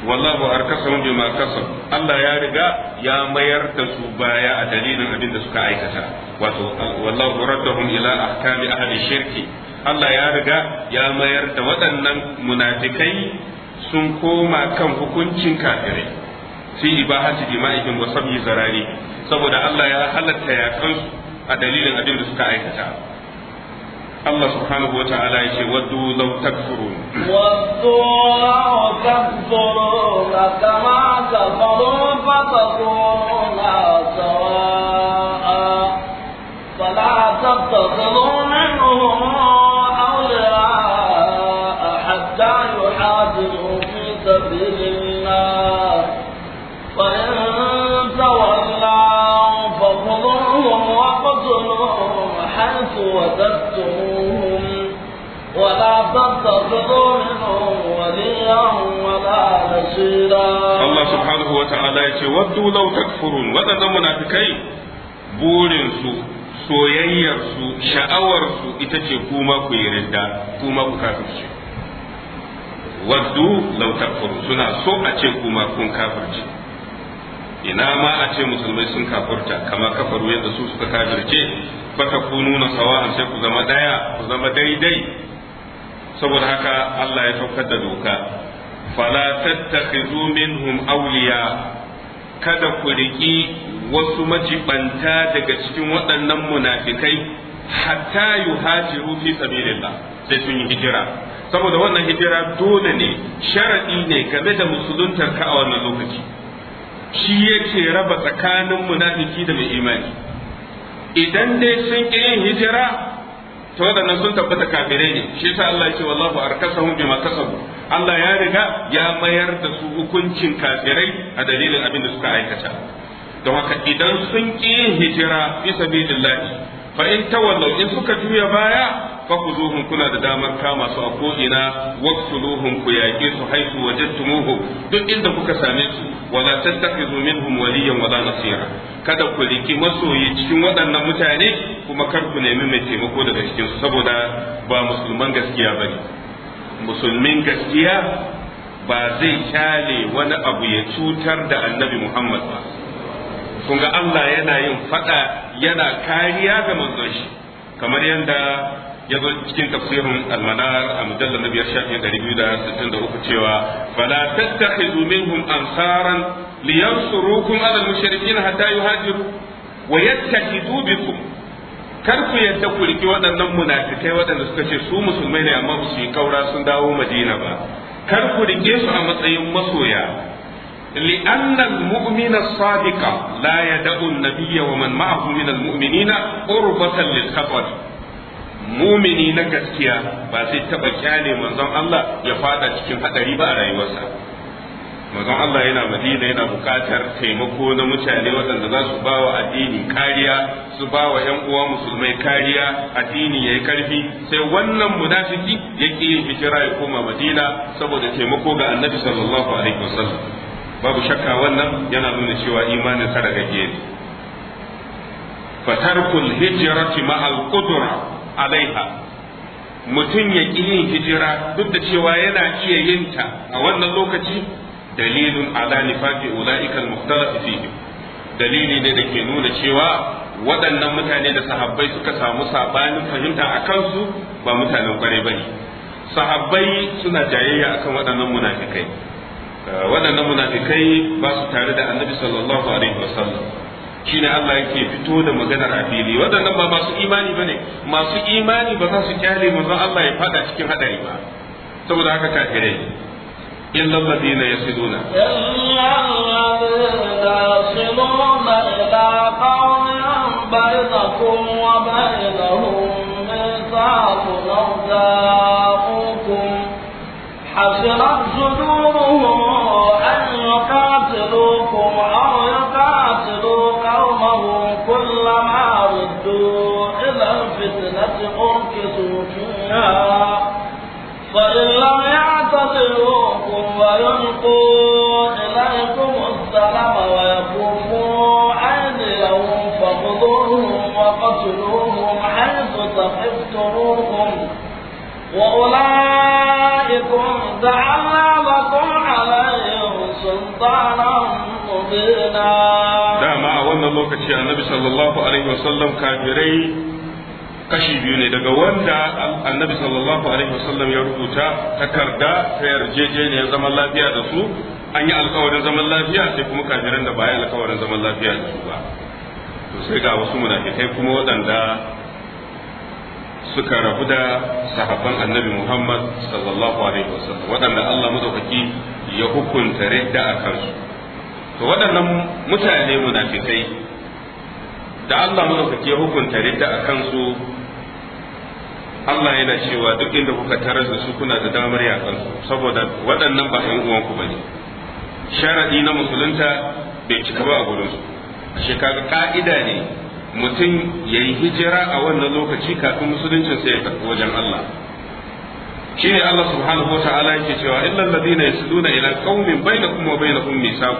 wallahu mun bima kasab Allah ya riga ya mayar da su baya a dalilin abin da suka aikata wato wallahu raddahum ila ahkami ahli shirki Allah ya riga ya mayar da waɗannan munafikai sun koma kan hukuncin kafirai fi ibahati jima'ihim wa sabyi zarari saboda Allah ya halatta kansu a dalilin abin da suka aikata Allah subhanahu wata'ala yake waddu law takfurun waddu law takfurun kama kafaru fatakuna sawa'a fala Allah subhanahu wa ta'ala ya ce, سبحانه وتعالى takfurun wadda zan muna fi kai burinsu soyayyarsu sha'awarsu ita ce kuma ku yi ridda kuma ku kafirci waddu lau takfurun suna so a ce kuma kun kafirci ina ma a ce musulmai sun kafurta kama kafaru yadda su suka kafirce fata ku nuna sawa'an sai ku zama daya ku zama daidai saboda haka Allah ya saukar da doka fala tattakhizu minhum awliya kada ku riki wasu majibanta daga cikin waɗannan munafikai hatta yuhajiru fi sabilillah sai sun yi hijira saboda wannan hijira dole ne sharadi ne game da musuluntar ka a wannan lokaci shi yake raba tsakanin munafiki da mai imani idan dai sun ƙi yin hijira to waɗannan sun tabbata kafirai ne shi yasa Allah yake wallahu arkasahum bima kasabu Allah ya riga ya mayar da su hukuncin kafirai a dalilin abin da suka aikata don haka idan sun ƙi hijira fi sabilillahi fa in tawallaw in suka juya baya fa kuna da damar kama su a ko'ina waqtuluhum ku yaƙe su haitu wajadtumuhu duk inda kuka same su wala tattakhizu minhum waliyan wala nasira kada ku riki masoyi cikin waɗannan mutane kuma kar ku nemi mai taimako daga cikin su saboda ba musulman gaskiya bane musulmin gaskiya ba zai kyale wani abu ya cutar da annabi Muhammad ba kun ga Allah yana yin faɗa. yana kariya ga manzon shi kamar yadda ya zo cikin tafsirin almanar a mujallar na biyar shafin ɗari biyu da sittin da uku cewa fala tattakhidhu minhum ansaran liyansurukum ala al-mushrikin hatta yuhajiru wa yattakhidhu bikum kar ku yadda ku riki waɗannan munafikai waɗanda suka ce su musulmai ne amma su yi kaura sun dawo madina ba kar ku rike su a matsayin masoya لأن المؤمن الصادق لا يدع النبي ومن معه من المؤمنين قربة للخطر mumini na gaskiya ba sai taɓa kyale manzon Allah ya fada cikin haɗari ba a rayuwarsa manzon Allah yana madina yana bukatar taimako na mutane waɗanda za su bawa addini kariya su bawa yan uwa musulmai kariya addini yayi karfi sai wannan munafuki yake yin hijira ya koma madina saboda taimako ga annabi sallallahu alaihi wasallam babu shakka wannan yana nuna cewa imanin sa daga ne fatarkul hijrati al qudra alaiha mutum ya ki yin hijira duk da cewa yana iya yin ta a wannan lokaci dalilun ala nifaqi ulaika al fihi dalili ne da ke nuna cewa waɗannan mutane da sahabbai suka samu sabanin fahimta a kansu ba mutanen kwarai bane sahabbai suna jayayya akan waɗannan munafikai Eh, waɗannan munafikai ba su tare da annabi sallallahu alaihi wasallam shine Allah yake fito da maganar a fili waɗannan ba masu imani bane masu imani ba za su kyale manzon Allah ya fada cikin hadari ba saboda haka kafirai إلا الذين يصلون إلا الذين يصلون إلى قوم بينكم وبينهم ميثاق أو حسرت صدورهم فاقتلوهم حيث ثقفتموهم وأولئكم جعلنا لكم عليهم سلطانا مبينا دعما أولنا لوكتي النبي صلى الله عليه وسلم كافرين kashi biyu ne daga wanda annabi sallallahu alaihi wasallam ya rubuta takarda ta yarjejeniyar zaman lafiya da su an yi alkawarin zaman lafiya sai kuma kafiran da ba ya alkawarin zaman lafiya da su ba to sai ga wasu munafikai kuma waɗanda suka rabu da sahabban annabi Muhammad sallallahu alaihi wasallam waɗanda Allah madaukaki ya hukunta ridda a kansu to waɗannan mutane munafikai da Allah madaukaki ya hukunta ridda a kansu Allah yana cewa duk inda kuka tarar da su kuna da damar yakansu saboda waɗannan ba 'yan uwanku bane sharadi na musulunta bai cika ba a gurinsu ashe kaga ka'ida ne mutum ya yi hijira a wannan lokaci kafin musuluncin sai ya tafi wajen Allah shi ne Allah subhanahu wa ta'ala yake cewa illal ladina yasluna ila qaumin bainakum wa bainahum misaq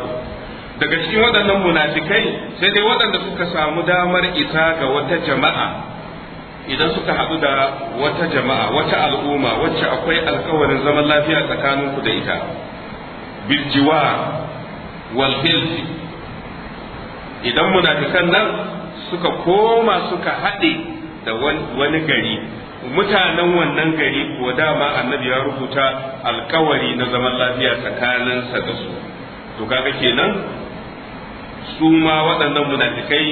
daga cikin waɗannan munafikai sai dai waɗanda suka samu damar isa ga wata jama'a idan suka haɗu da wata jama'a wata al'umma wacce akwai alkawarin zaman lafiya tsakaninku da ita biljiwa wal hilfi idan munafikan nan suka koma suka haɗe da wani gari mutanen wannan gari kuwa dama annabi ya rubuta alkawari na zaman lafiya tsakaninsa da su to kaga kenan su ma waɗannan munafikai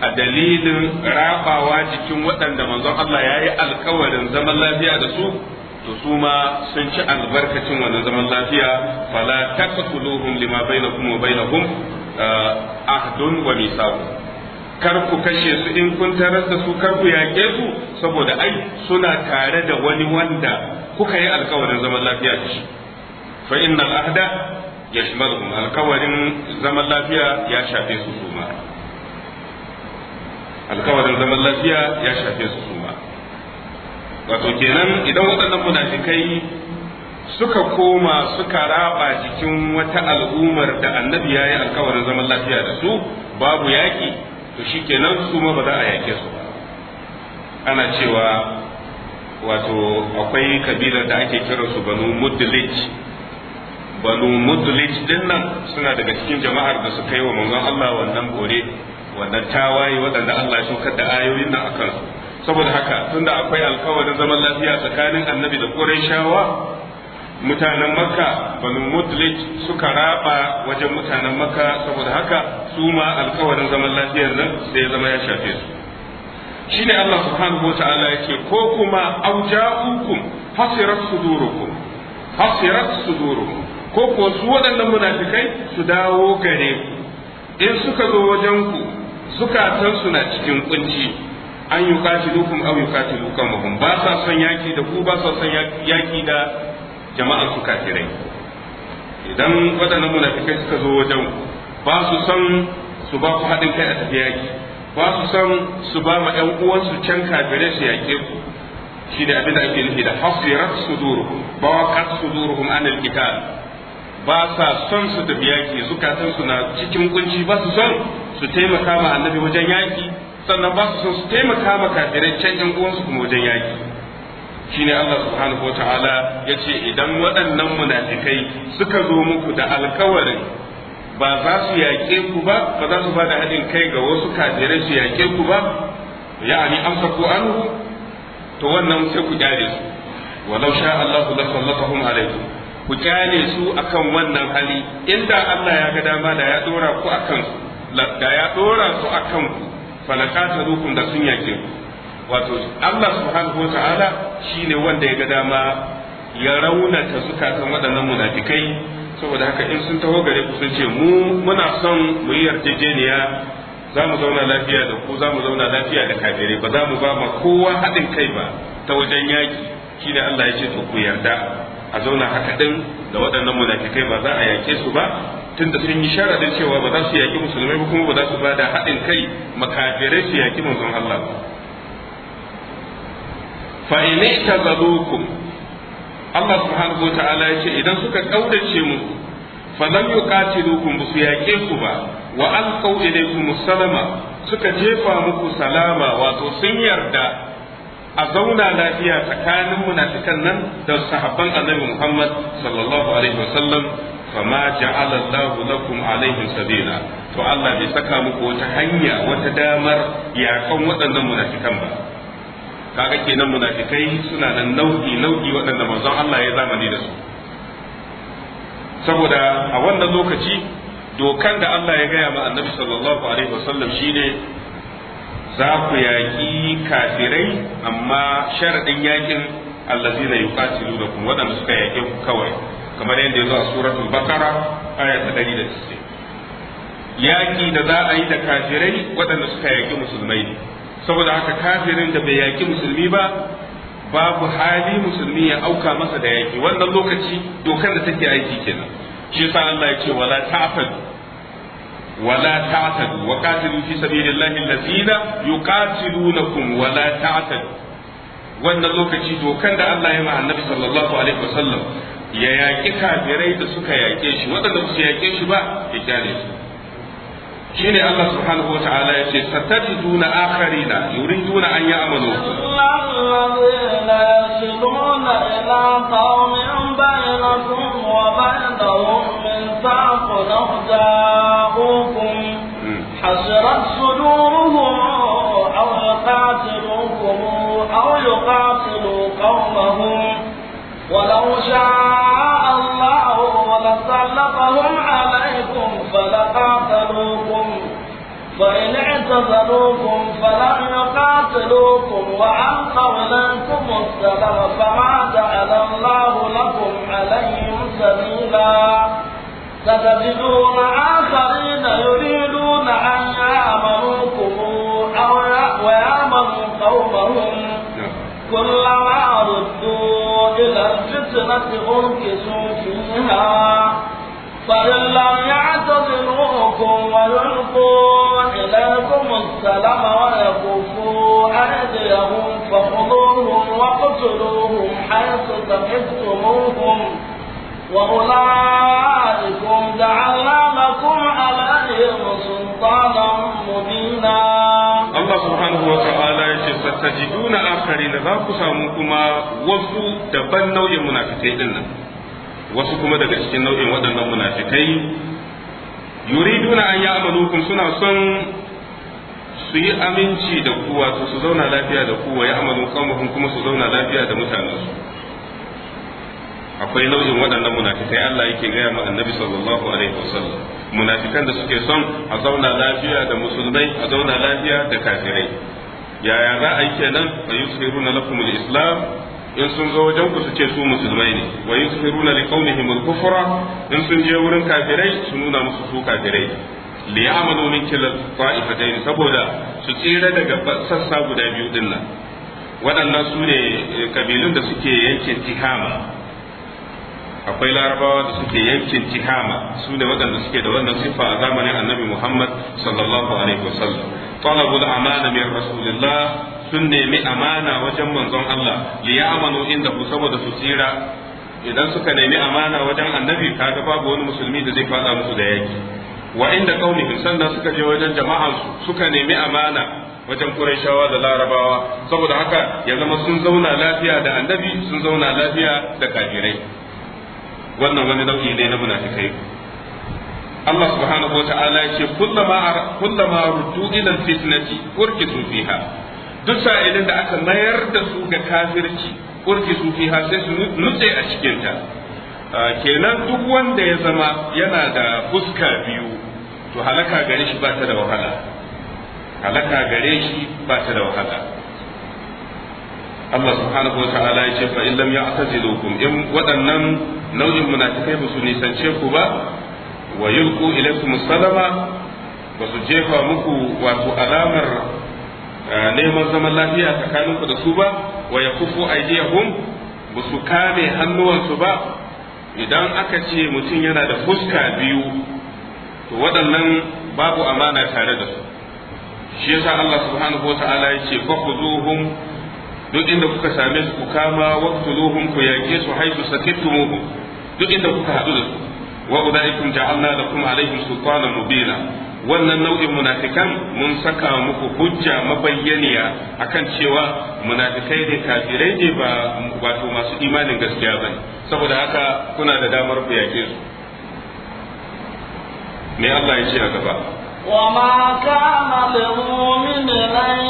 a dalilin rabawa jikin waɗanda manzon Allah ya yi alkawarin zaman lafiya da su to su ma sun ci albarkacin wannan zaman lafiya fala taqtuluhum lima bainakum wa bainahum ahdun wa misaku kar ku kashe su in kun tarar da su kar ku yaƙe su saboda ai suna tare da wani wanda kuka yi alkawarin zaman lafiya da shi fa inna ahda yashmaluhum alkawarin zaman lafiya ya shafe su suma alkawarin zaman lafiya ya shafe su suma wato kenan idan waɗannan munafikai suka koma suka raba jikin wata al'ummar da annabi ya yi alkawarin zaman lafiya da su babu yaƙi to shi kenan su ma ba za a yaƙe su ba ana cewa wato akwai kabilar da ake kira su banu mudlij banu mudlij din nan suna daga cikin jama'ar da suka yi wa manzon Allah wannan bore wannan tawaye waɗanda Allah ya saukar da ayoyin nan akan saboda haka tunda akwai alkawarin zaman lafiya tsakanin annabi da Qurayshawa mutanen makka banu mutlik suka raba wajen mutanen makka saboda haka su ma alkawarin zaman lafiyar nan sai ya zama ya shafe su Shi ne Allah subhanahu wataala ce ko kuma auja'ukum hasirat sudurukum hasirat sudurukum ko ko su waɗannan munafikai su dawo gare ku in suka zo wajen ku zukatansu na cikin kunci an yi katilukum aw yukatilukum ba sa son yaki da ku ba sa son yaki da jama'a su kafirai idan waɗannan munafikai suka zo wajen ba su san su ba ku haɗin kai a tafiya yaƙi ba su san su ba ma ƴan uwansu can kafirai su yaƙe ku shi ne abin da ake nufi da hasirat suduruhum bawaqat suduruhum an al-qital ba sa son su tafi yaki zukatan su na cikin kunci ba su son su taimaka ma annabi wajen yaƙi sannan ba su son su taimaka ma kafirai can ƴan uwansu kuma wajen yaƙi. shine Allah subhanahu wataala ya ce idan waɗannan munafikai suka zo muku da alkawarin ba za su yaƙe ku ba ba za su bada haɗin kai ga wasu kafirai su yaƙe ku ba ya'ani amsa ku anhu to wannan sai ku kyale su walau sha Allahu la sallatahum alaikum ku kyale su akan wannan hali inda Allah ya ga dama da ya dora ku akan su da ya dora su akan ku falakata da sun yaƙe ku wato Allah subhanahu wa ta'ala shine wanda ya ga dama ya raunata zukatan waɗannan munafikai saboda haka in sun taho gare ku sun ce mu muna son mu yi yarjejeniya za mu zauna lafiya da ku za mu zauna lafiya da kafirai ba za mu ba ma kowa haɗin kai ba ta wajen yaƙi shine Allah ya ce to ku yarda a zauna haka ɗin da waɗannan munafikai ba za a yaƙe su ba tunda sun yi sharadin cewa ba za su yaƙi musulmai ba kuma ba za su ba da haɗin kai makafirai su yaƙi manzon Allah fa in i'tazalukum Allah subhanahu wa ta'ala ya ce idan suka ƙaudace mu fa lam yuqatilukum su ku ba wa alqaw ilaykum salama suka jefa muku salama wato sun yarda a zauna lafiya tsakanin mu na munafikan nan da sahabban annabi Muhammad sallallahu alaihi wasallam ma ja'ala Allah lakum alaihim sabila to Allah bai saka muku wata hanya wata damar yakan waɗannan munafikan ba kaga kenan munafikai suna nan nau'i nau'i waɗanda manzon Allah ya zamani da su saboda a wannan lokaci dokan da Allah ya gaya ma annabi sallallahu alaihi wasallam shine za ku yaƙi kafirai amma sharaɗin yakin da yuqatilunakum waɗanda suka yaƙe ku kawai kamar yadda ya zo a suratul baqara aya ta 190 yaƙi da za a yi da kafirai waɗanda suka yaƙi musulmai ne saboda haka kafirin da bai yaki musulmi ba babu hali musulmi ya auka masa da yaki wannan lokaci dokar da take aiki kenan shi yasa Allah ya ce wala ta'tadu wala ta'tadu wa qatilu fi sabilillahi allazina yuqatilunakum wala ta'tadu wannan lokaci dokan da Allah ya ma annabi sallallahu alaihi wasallam ya yaki kafirai da suka yake shi da su yake shi ba ya kyale su shine Allah subhanahu wa ta'ala ya ce satajiduna akharina yuriduna an ya'malu alladhina yashruna ila qaumin bainakum wa bainahum mithaqu law ja'ukum حسرت صدورهم أو يقاتلوكم أو يقاتلوا قومهم ولو شاء فسلطهم عليكم فلقاتلوكم فإن اعتزلوكم فلم يقاتلوكم وألقوا إليكم السلام فما جعل الله لكم عليهم سبيلا ستجدون آخرين يريدون أن يأمروكم أو ويأمروا قومهم كلما ردوا إلى الفتنة أركسوا فيها فإن لم يعتذروكم ويلقوا إليكم السلام ويكفوا أيديهم فخذوهم واقتلوهم حيث سمعتموهم وأولئكم جعلنا لكم عليهم سلطانا مبينا subhanahu wa ta'ala yace satajiduna akharin za ku samu kuma wasu daban nau'in munafikai din nan wasu kuma daga cikin nau'in waɗannan munafikai yuriduna an ya'malukum suna son su yi aminci da ku wato su zauna lafiya da ku wa ya'malu qawmuhum kuma su zauna lafiya da mutanensu akwai nau'in waɗannan munafikai Allah yake gaya mu annabi sallallahu alaihi wasallam munafikan da suke son a zauna lafiya da musulmai a zauna lafiya da kafirai yaya za a yi kenan fa na lakum islam in sun zo wajen ku su su musulmai ne wa yusfiruna na al-kufra in sun je wurin kafirai su nuna musu su kafirai li ya'malu min kilal ne saboda su tsira daga sassa guda biyu nan. waɗannan su ne eh, kabilun da suke yanke tihama akwai larabawa da suke yankin tihama su ne waɗanda suke da wannan siffa a zamanin annabi muhammad sallallahu alaihi wasallam talabul amana min rasulillah sun nemi amana wajen manzon allah li ya'manu inda ku saboda su tsira idan suka nemi amana wajen annabi kaga babu wani musulmi da zai fada musu da yaki wa inda qaumihim sannan suka je wajen jama'ansu suka nemi amana wajen Qurayshawa da Larabawa saboda haka ya zama sun zauna lafiya da Annabi sun zauna lafiya da kafirai wannan wani nau'i ne na munafikai Allah subhanahu wata'ala ya ce kullama rutu ila fitnati urkitu fiha duk sa'ilin da aka mayar da su ga kafirci urkitu fiha sai su nutse a cikin ta kenan duk wanda ya zama yana da fuska biyu to halaka gare shi ba ta da wahala halaka gare shi ba ta da wahala Allah subhanahu wa ta'ala ya ce fa in lam ya'tazilukum in waɗannan nau'in munafikai ba su nisance ku ba wa yulqu ilaykum salama ba su jefa muku wato alamar eh, neman zaman lafiya tsakanin ku da su ba wa yakufu aydiyahum ba su kame hannuwansu ba idan aka ce mutum yana da fuska biyu to waɗannan babu amana tare da su shi yasa Allah subhanahu wa ta'ala ya ce fa khuzuhum duk inda kuka same su ku kama waqtuluhum ku yake su haitu muku. duk inda kuka haɗu da su wa ulaikum ja'alna lakum alaihim sultanan mubina wannan nau'in munafikan mun saka muku hujja mabayyaniya akan cewa munafikai ne kafirai ne ba wato masu imanin gaskiya ba saboda haka kuna da damar ku yake su me Allah ya ce a gaba وما كان لمؤمن أن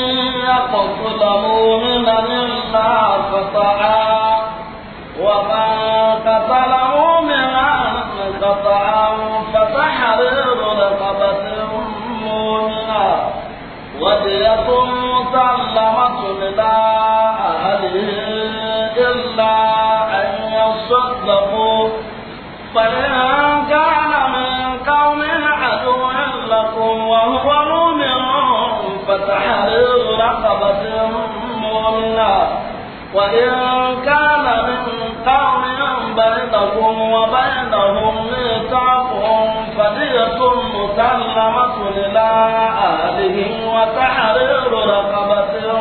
يقتل مؤمنا إلا خطأ ومن قتل مؤمنا خطأ فتحرير رقبة مؤمنا ودية مسلمة إلى أهله إلا أن يصدقوا فإن دينكم وهو مؤمن فتحرير رقبة مؤمنة وإن كان من قوم بينكم وبينهم ميثاق فدية مسلمة إلى أهله وتحرير رقبة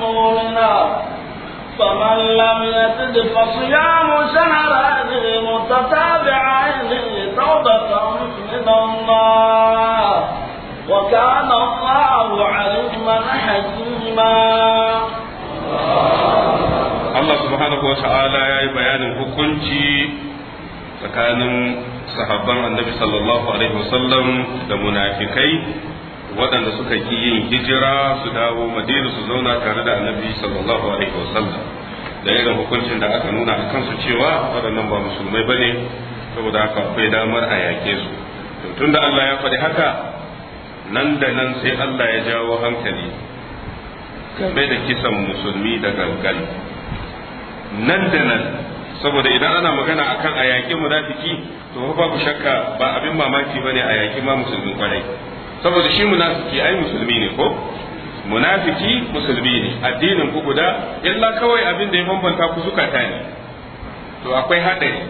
مؤمنة فمن لم يجد فصيام شهرين متتابعين توبة من الله وكان الله عليما حكيما Allah subhanahu wa ta'ala ya yi bayanin hukunci tsakanin sahabban annabi sallallahu alaihi wasallam da munafikai waɗanda suka ki yin hijira su dawo madina su zauna tare da annabi sallallahu alaihi wasallam da irin hukuncin da aka nuna a kansu cewa waɗannan ba musulmai bane saboda haka akwai damar a yake su tun da Allah ya faɗi haka nan da nan sai Allah ya jawo hankali game da kisan musulmi da gangan nan da nan saboda idan ana magana akan a yaƙi munafiki to babu shakka ba abin mamaki bane a yaƙi ma musulmi kwarai saboda shi munafiki ai musulmi ne ko munafiki musulmi ne addinin ku guda illa kawai abin da ya bambanta ku zukata ne to akwai haɗari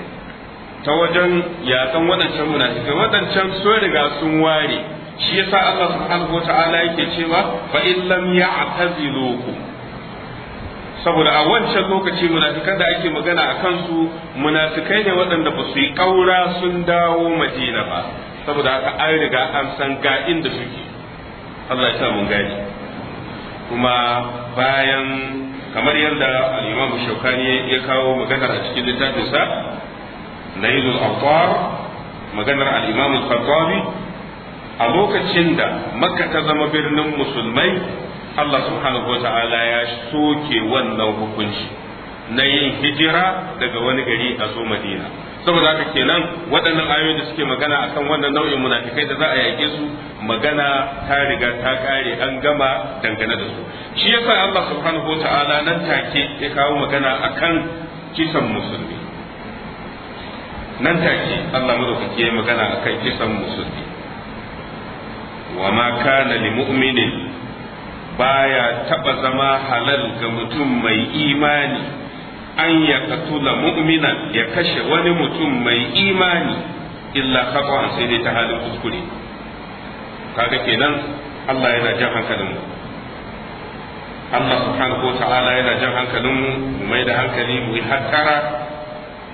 ta wajen yakan waɗancan munafikai waɗancan sun riga sun ware shi yasa Allah subhanahu wata'ala yake cewa fa in lam ya'taziluku saboda a wancan lokaci munafikan da ake magana a kansu munafikai ne waɗanda ba su yi ƙaura sun dawo madina ba saboda haka an riga an san ga inda suke Allah ya sa mun gaji. kuma bayan kamar yadda al-Imam Shawkani ya kawo maganar a cikin littafinsa Nailul Awtar maganar al-Imam al a lokacin da Makka ta zama birnin musulmai Allah subhanahu wa ta'ala ya soke wannan hukunci na yin hijira daga wani gari a zo Madina saboda haka kenan waɗannan ayoyin da suke magana akan wannan nau'in munafikai da za a yake su magana ta riga ta kare an gama dangane da su shi yasa Allah subhanahu wataala nan take ya kawo magana akan kisan musulmi nan take Allah madaukaki ya magana akan kisan musulmi wa ma kana li mu'minin baya taba zama halal ga mutum mai imani an ya katula mu'mina ya kashe wani mutum mai imani illa khata'an sai dai ta halin kuskure kaga kenan Allah yana jan hankalin mu Allah subhanahu wa ta'ala yana jan hankalin mu mu mai da hankali mu yi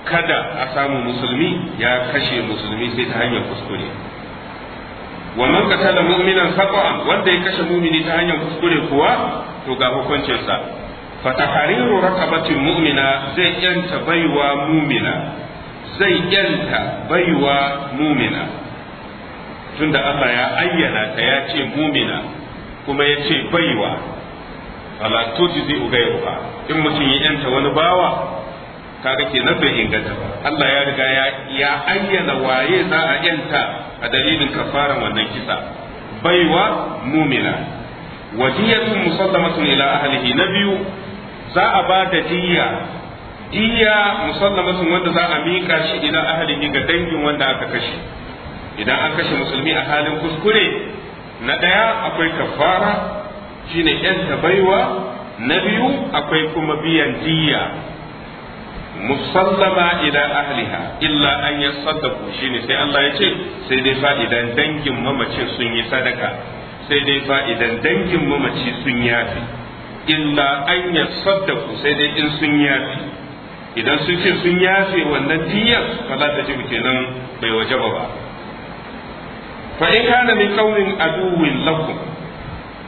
kada a samu musulmi ya kashe musulmi sai ta hanyar kuskure wa man qatala mu'minan khata'an wanda ya kashe mu'mini ta hanyar kuskure kuwa to ga hukuncinsa fa tahriru raqabatin mu'mina zai yanta baiwa mu'mina zai yanta baiwa mu'mina tunda Allah ya ayyana ta yace mu'mina kuma ya ce baiwa ala tujzi ugayruha in mutum ya yanta wani bawa kaga kenan bai inganta ba Allah ya riga ya ayyana waye za a yanta a dalilin kafaran wannan kisa baiwa mumina wadiyatun musallamatun ila ahlihi na biyu za a ba da diya diya sun wanda za a mika shi ila ne ga dangin wanda aka kashe idan an kashe musulmi a halin kuskure na ɗaya akwai kafara shine yanta baiwa na biyu akwai kuma biyan diya musallama ila ahliha illa an yasaddaku shine sai Allah ya ce sai dai fa idan dangin mamaci sun yi sadaka sai dai fa idan dangin mamaci sun yafi illa an ku sai dai in sun yafi idan sun ce sun yafe wannan diyar ba za ta jibu kenan bai waje ba ba. fa in kana min qaumin aduwwin lakum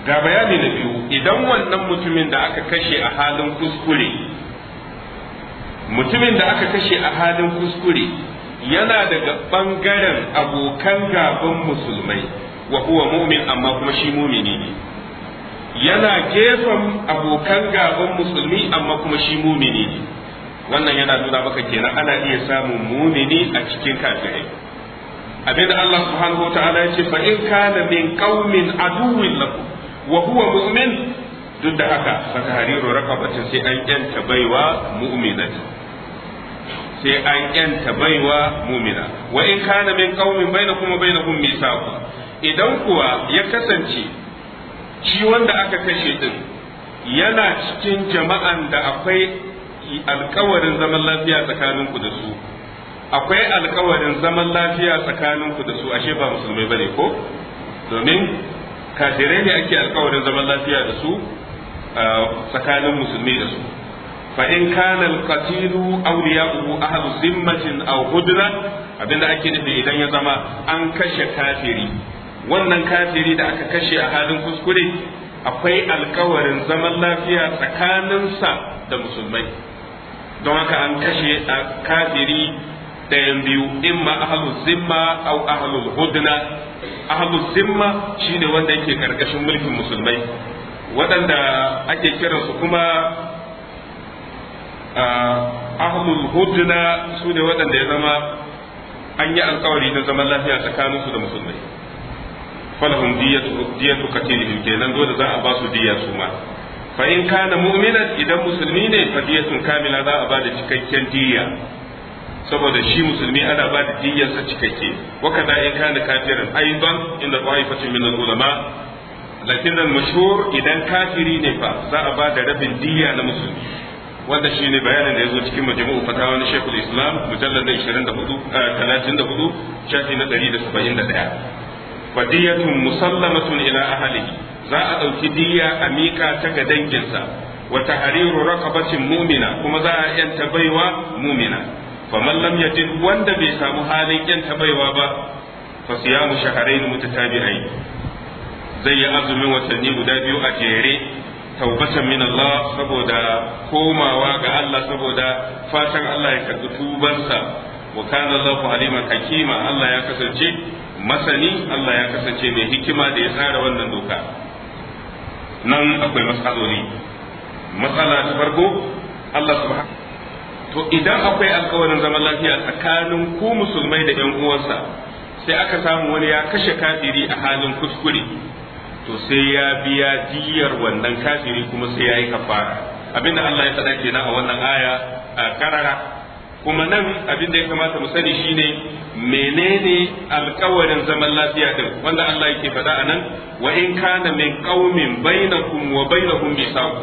ga bayani na biyu idan wannan mutumin da aka kashe a halin kuskure mutumin da aka kashe a halin kuskure yana daga bangaren abokan gaban musulmai wa huwa mu'min amma kuma shi mumini ne yana gefen abokan gaban musulmi amma kuma shi mumini ne wannan yana nuna maka kenan ana iya samun mumini a cikin kafirai abin Allah subhanahu wa ta'ala yace fa in kana min qaumin aduwwin lakum wa huwa mu'min duk da haka saka hariru rakabatin sai an yanta baiwa mu'minati sai an yanta baiwa mu'mina wa in kana min qaumin bainakum wa bainahum misaq idan kuwa ya kasance shi wanda aka kashe din yana cikin jama'an da akwai alkawarin zaman lafiya tsakaninku da su akwai alkawarin zaman lafiya tsakaninku da su ashe ba musulmai bane ko domin kafirai ne ake alkawarin zaman lafiya da su tsakanin musulmi da su fa in kana alqatilu awliya'uhu ahlu zimmatin aw hudra abinda ake nufi idan ya zama an kashe kafiri wannan kafiri da aka kashe a halin kuskure akwai alkawarin zaman lafiya tsakaninsa da musulmai don haka an kashe a kafiri ɗayan biyu imma ahlul zimma au ahlul hudna ahlul zimma shine wanda yake karkashin mulkin musulmai waɗanda ake kiransu kuma ahlul hudna su ne waɗanda ya zama an yi alkawari na zaman lafiya tsakaninsu da musulmai falahum diyatu diyatu qatilihim kenan dole za a ba su diya su ma fa in kana mu'minan idan musulmi ne fa diyatun kamila za a ba da cikakken diya saboda shi musulmi ana ba da diyyarsa cikakke waka da in kana kafirin aidan inda qa'ifatin min ulama lakin al-mashhur idan kafiri ne fa za a ba da rabin diyya na musulmi wanda shi ne bayanin da ya zo cikin majmu'u fatawa na Sheikhul Islam mujallad 24 34 shafi na 171 fa musallamatun ila ahali za a ɗauki diya a miƙa ta ga danginsa wa tahriru raqabatin mu'mina kuma za a yanta baiwa mu'mina faman lam yajid wanda bai samu halin yanta baiwa ba fa siyamu shahrayn mutatabi'ain zai yi azumin watanni guda biyu a jere taubatan min Allah saboda komawa ga Allah saboda fatan Allah ya karɓi tubansa wa kana Allahu aliman hakima Allah ya kasance masani Allah ya kasance mai hikima da ya tsara wannan doka nan akwai matsaloli matsala ta farko Allah su to idan akwai alkawarin zama lafiya tsakanin ku musulmai da 'yan uwansa sai aka samu wani ya kashe kafiri a halin kuskure to sai ya biya diyar wannan kafiri kuma sai ya yi kafara abinda Allah ya faɗa kenan a wannan aya a karara kuma nan abin da ya kamata mu sani shine menene alkawarin zaman lafiya din wanda Allah yake faɗa anan wa in kana min qaumin bainakum wa bainahum misaq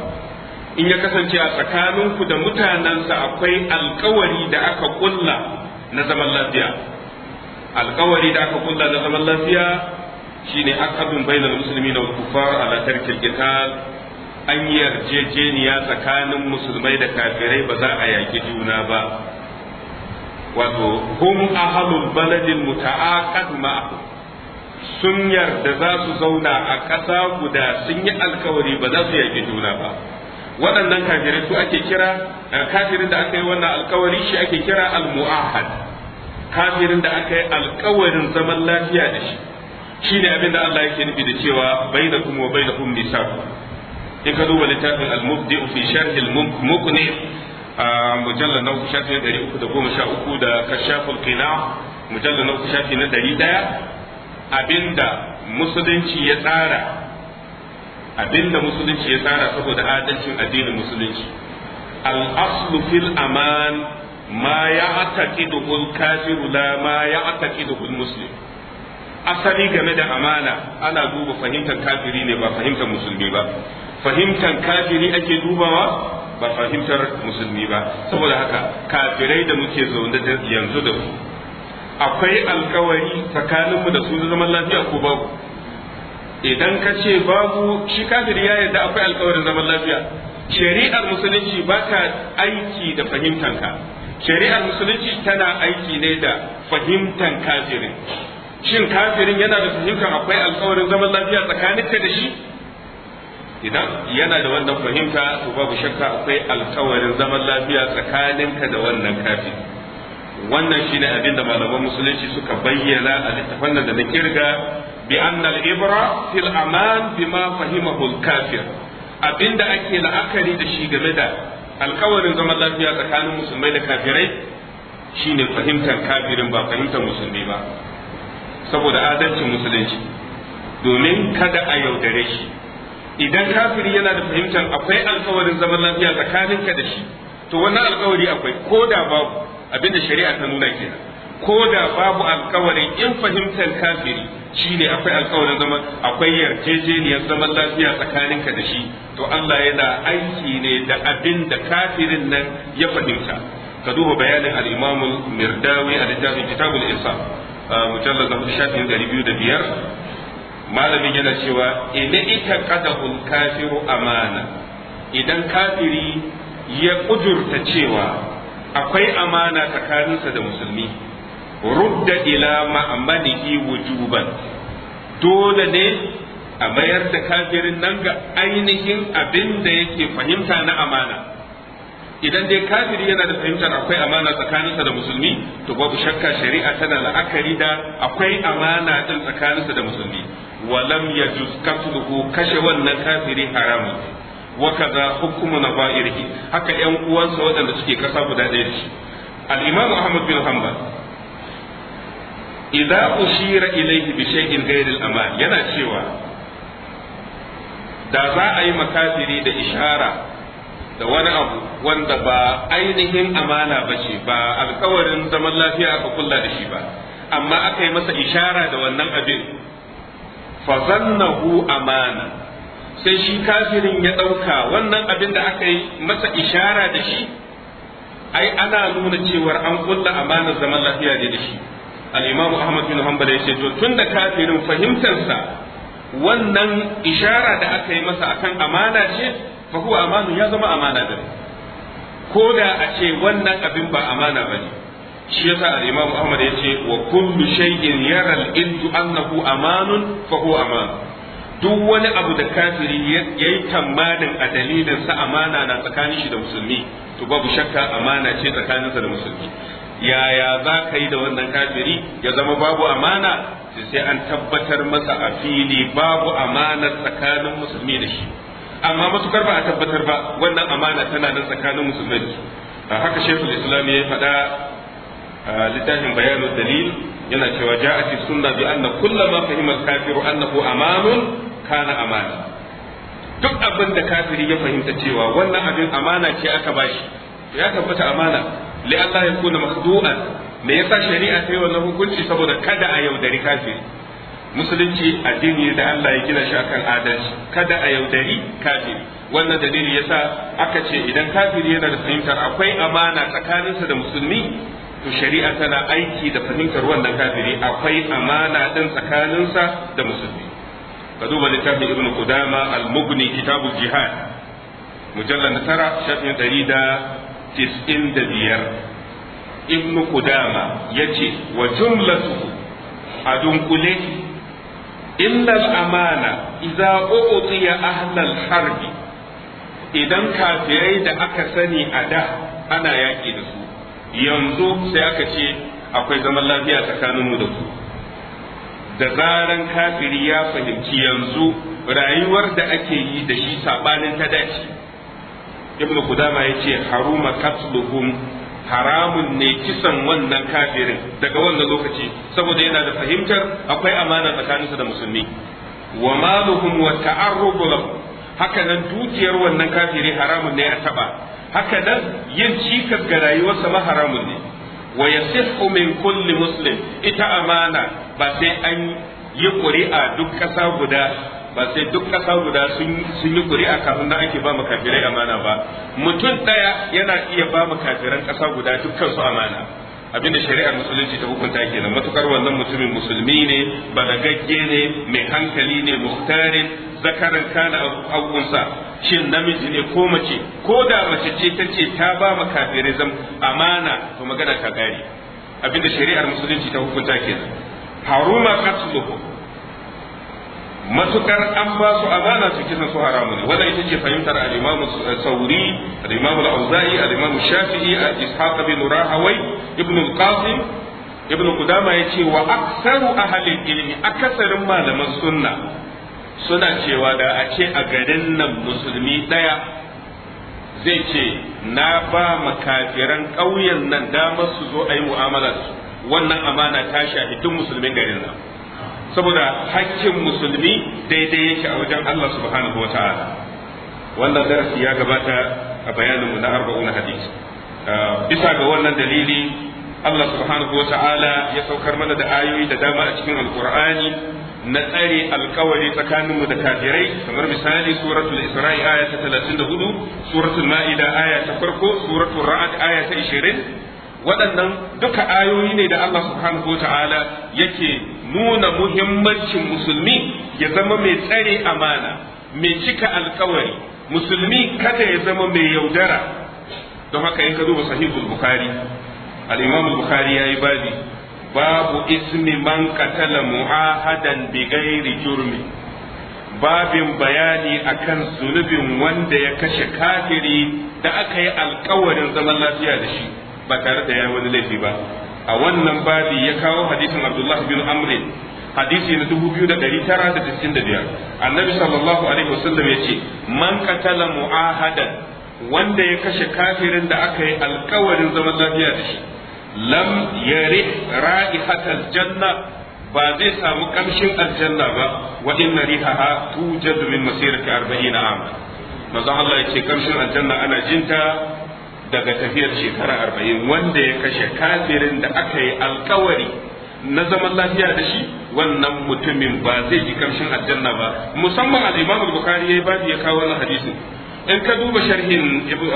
in ya kasance a tsakaninku da mutanansa akwai alkawari da aka kulla na zaman lafiya alkawari da aka kulla na zaman lafiya shine aqdun bainal musulmi wal kufar ala tarkil qital an yarjejeniya tsakanin musulmai da kafirai ba za a yaki juna ba wato hum ahlul baladin muta'aqad ma'ahu sun yarda za su zauna a ƙasa guda sun yi alkawari ba za su yaƙi juna ba waɗannan kafirai su ake kira kafirin da aka yi wannan alkawari shi ake kira al-mu'ahad kafirin da aka yi alkawarin zaman lafiya da shi Shi ne abin da Allah yake nufi da cewa bai bainakum wa kuma misaq in ka duba littafin al-mubdi fi sharh al-muqni a mujallar na uku shafi na ɗari uku da goma sha uku da kashafin kina mujallar na uku shafi na ɗari ɗaya abinda musulunci ya tsara abinda musulunci ya tsara saboda adalcin addinin musulunci al-aslu fil aman ma ya ataqiduhu al-kafiru la ma ya ataqiduhu al-muslim asali game da amana ana duba fahimtar kafiri ne ba fahimtar musulmi ba fahimtar kafiri ake dubawa ba fahimtar musulmi ba saboda haka kafirai da muke zaune da yanzu da su akwai alkawari tsakaninmu da su zaman lafiya ko babu idan ka ce babu shi kafiri ya yarda akwai alkawarin zaman lafiya shari'ar musulunci ba ta aiki da ka shari'ar musulunci tana aiki ne da fahimtar kafirin shin kafirin yana da fahimtar akwai alkawarin zaman lafiya tsakaninka da shi idan yana da wannan fahimta to babu shakka akwai alkawarin zaman lafiya tsakaninka da wannan kafi wannan shi ne abin da malaman musulunci suka bayyana a littafan da na kirga bi anna al-ibra fil aman bima fahimahu al-kafir abinda ake la'akari da shi game da alkawarin zaman lafiya tsakanin musulmai da kafirai shine fahimtar kafirin ba fahimtar musulmi ba saboda adalcin musulunci domin kada a yaudare shi idan kafiri yana da fahimtar akwai alkawarin zaman lafiya tsakaninka da shi to wannan alkawari akwai ko da babu abin da shari'a ta nuna gida, ko da babu alkawarin in fahimtar kafiri shine akwai alkawarin zaman akwai yarjejeniyar zaman lafiya tsakaninka da shi to Allah yana aiki ne da abin da kafirin nan ya fahimta ka duba bayanin al-Imam Mirdawi a littafin Kitabul Isa mujallad biyu da biyar. malamin yana cewa ina ita kadahul kafiru amana idan kafiri ya kudurta cewa akwai amana tsakaninsa da musulmi rudda ila ma'amalihi wujuban dole ne a mayar da kafirin nan ga ainihin abin da yake fahimta na amana idan dai kafiri yana da fahimtar akwai amana tsakaninsa da musulmi to babu shakka shari'a tana la'akari da akwai amana din tsakaninsa da musulmi Walam lam yajuz qatluhu kashe wannan kafiri haramun wa kaza hukmu nabairihi haka yan uwansa waɗanda suke kasa guda ɗaya da shi al-imam ahmad bin hanbal idza ushira ilayhi bi shay'in ghayr al-aman yana cewa da za a yi makafiri da ishara da wani abu wanda ba ainihin amana ba ce ba alkawarin zaman lafiya aka kulla da shi ba amma aka yi masa ishara da wannan abin fazannahu amana sai shi kafirin ya ɗauka wannan abin da aka yi masa ishara da shi ai ana nuna cewar an kulla amanar zaman lafiya ne da shi al-imamu ahmad bin hanbal yace ce to tunda kafirin fahimtarsa wannan ishara da aka yi masa akan amana ce fa huwa amanu ya zama amana da ko da a ce wannan abin ba amana bane shi yasa al-Imam Ahmad yace wa kullu shay'in yara al ind annahu amanun fa huwa aman duk wani abu da kafiri yayi tamanin a dalilin sa amana na tsakanin shi da musulmi to babu shakka amana ce tsakanin sa da musulmi yaya za ka yi da wannan kafiri ya zama babu amana sai an tabbatar masa a fili babu amana tsakanin musulmi da shi amma matukar ba a tabbatar ba wannan amana tana nan tsakanin musulmi haka shekul islam ya faɗa littafin bayanu dalil yana cewa ja'ati sunna bi anna kullama fahima al-kafiru annahu amanun kana amana duk abin da kafiri ya fahimta cewa wannan abin amana ce aka bashi ya tabbata amana li Allah ya kuna makhdu'an me yasa shari'a ta yi wannan hukunci saboda kada a yaudari kafiri musulunci addini da Allah ya gina shi akan adalci kada a yaudari kafiri wannan dalili yasa aka ce idan kafiri yana da fahimtar akwai amana tsakaninsa da musulmi to shari'a tana aiki da fahimtar wannan kafiri akwai amana din tsakaninsa da musulmi ka duba littafin ibn qudama al-mughni kitabul jihad mujallal na tara shafin ɗari da tis'in da biyar ibn qudama ce, wa jumlatu a dunkule illa al-amana idza u'tiya ahlal harbi idan kafirai da aka sani a da ana yaƙi da su yanzu sai aka ce akwai zaman lafiya tsakaninmu da ku da zaran kafiri ya fahimci yanzu rayuwar da ake yi da shi sabanin ta dace ibnu kudama ya ce haruma haramun ne kisan wannan kafirin daga wannan lokaci saboda yana da fahimtar akwai amana tsakaninsa da musulmi wa maluhum wa ta'arrubu haka nan dukiyar wannan kafiri haramun ne a taba haka nan yin cikas ga rayuwarsa ma haramun ne wa yasihhu min kulli muslim ita amana ba sai an yi ƙuri'a duk ƙasa guda ba sai duk ƙasa guda sun yi ƙuri'a kafin nan ake ba kafirai amana ba mutum ɗaya yana iya ba kafiran ƙasa guda dukkan su amana abinda shari'ar musulunci ta hukunta kenan matukar wannan mutumin musulmi ne baragagge ne mai hankali ne muhtarin zakaran kana abubuwansa shin namiji ne ko mace ko da mace ce ta ce ta ba ma kafirizam amana to magana ta gari abinda shari'ar musulunci ta hukunta kenan haruma qatluhu matukar an ba su amana su kisan su haramu ne wannan ita ce fahimtar al-Imam Sauri al-Imam al-Auza'i al-Imam Shafi'i al-Ishaq bin Rahawai ibn al-Qasim ibn Qudama yace wa aktsaru ahli ilmi akasarin malaman sunna suna cewa da a ce a garin nan musulmi daya zai ce na ba makafiran ƙauyen nan damar su zo a yi mu'amala su wannan amana ta shafi duk musulmin garin nan saboda hakkin musulmi daidai yake a wajen Allah subhanahu wa ta'ala wannan darasi ya gabata a bayaninmu na arba'una hadis ah, bisa ga wannan dalili Allah subhanahu wa ta'ala ya saukar mana da ayoyi da dama a cikin alkur'ani na tsare alkawari tsakaninmu da kafirai kamar misali suratul isra'i aya ta 34 suratul ma'ida aya ta farko suratul ra'ad aya ta 20 waɗannan duka ayoyi ne da Allah subhanahu wa ta'ala yake nuna muhimmancin musulmi ya zama mai tsare amana mai cika alkawari musulmi kada ya zama mai yaudara don haka in ka duba sahihul bukhari al-imam al-bukhari yayi babi babu ismi man qatala muahadan bi ghairi jurmi babin bayani akan zunubin wanda ya kashe kafiri da aka yi alkawarin zaman lafiya da shi ba tare da ya wani laifi ba a wannan babi ya kawo hadisin Abdullah bin Amr hadisi na 2995 annabi sallallahu alaihi wasallam yace man qatala muahadan wanda ya kashe kafirin da aka yi alkawarin zaman lafiya da shi lam yari ra'ihatal janna ba zai samu kamshin aljanna ba wa inna rihaha tujadu min masirati 40 am manzo Allah yace kamshin aljanna ana jinta daga tafiyar shekara arba'in wanda ya kashe kafirin da aka yi alkawari na zaman lafiya da shi wannan mutumin ba zai ji karshen aljanna ba musamman al-imam bukhari ya ba ya kawo wannan hadisi in ka duba sharhin ibn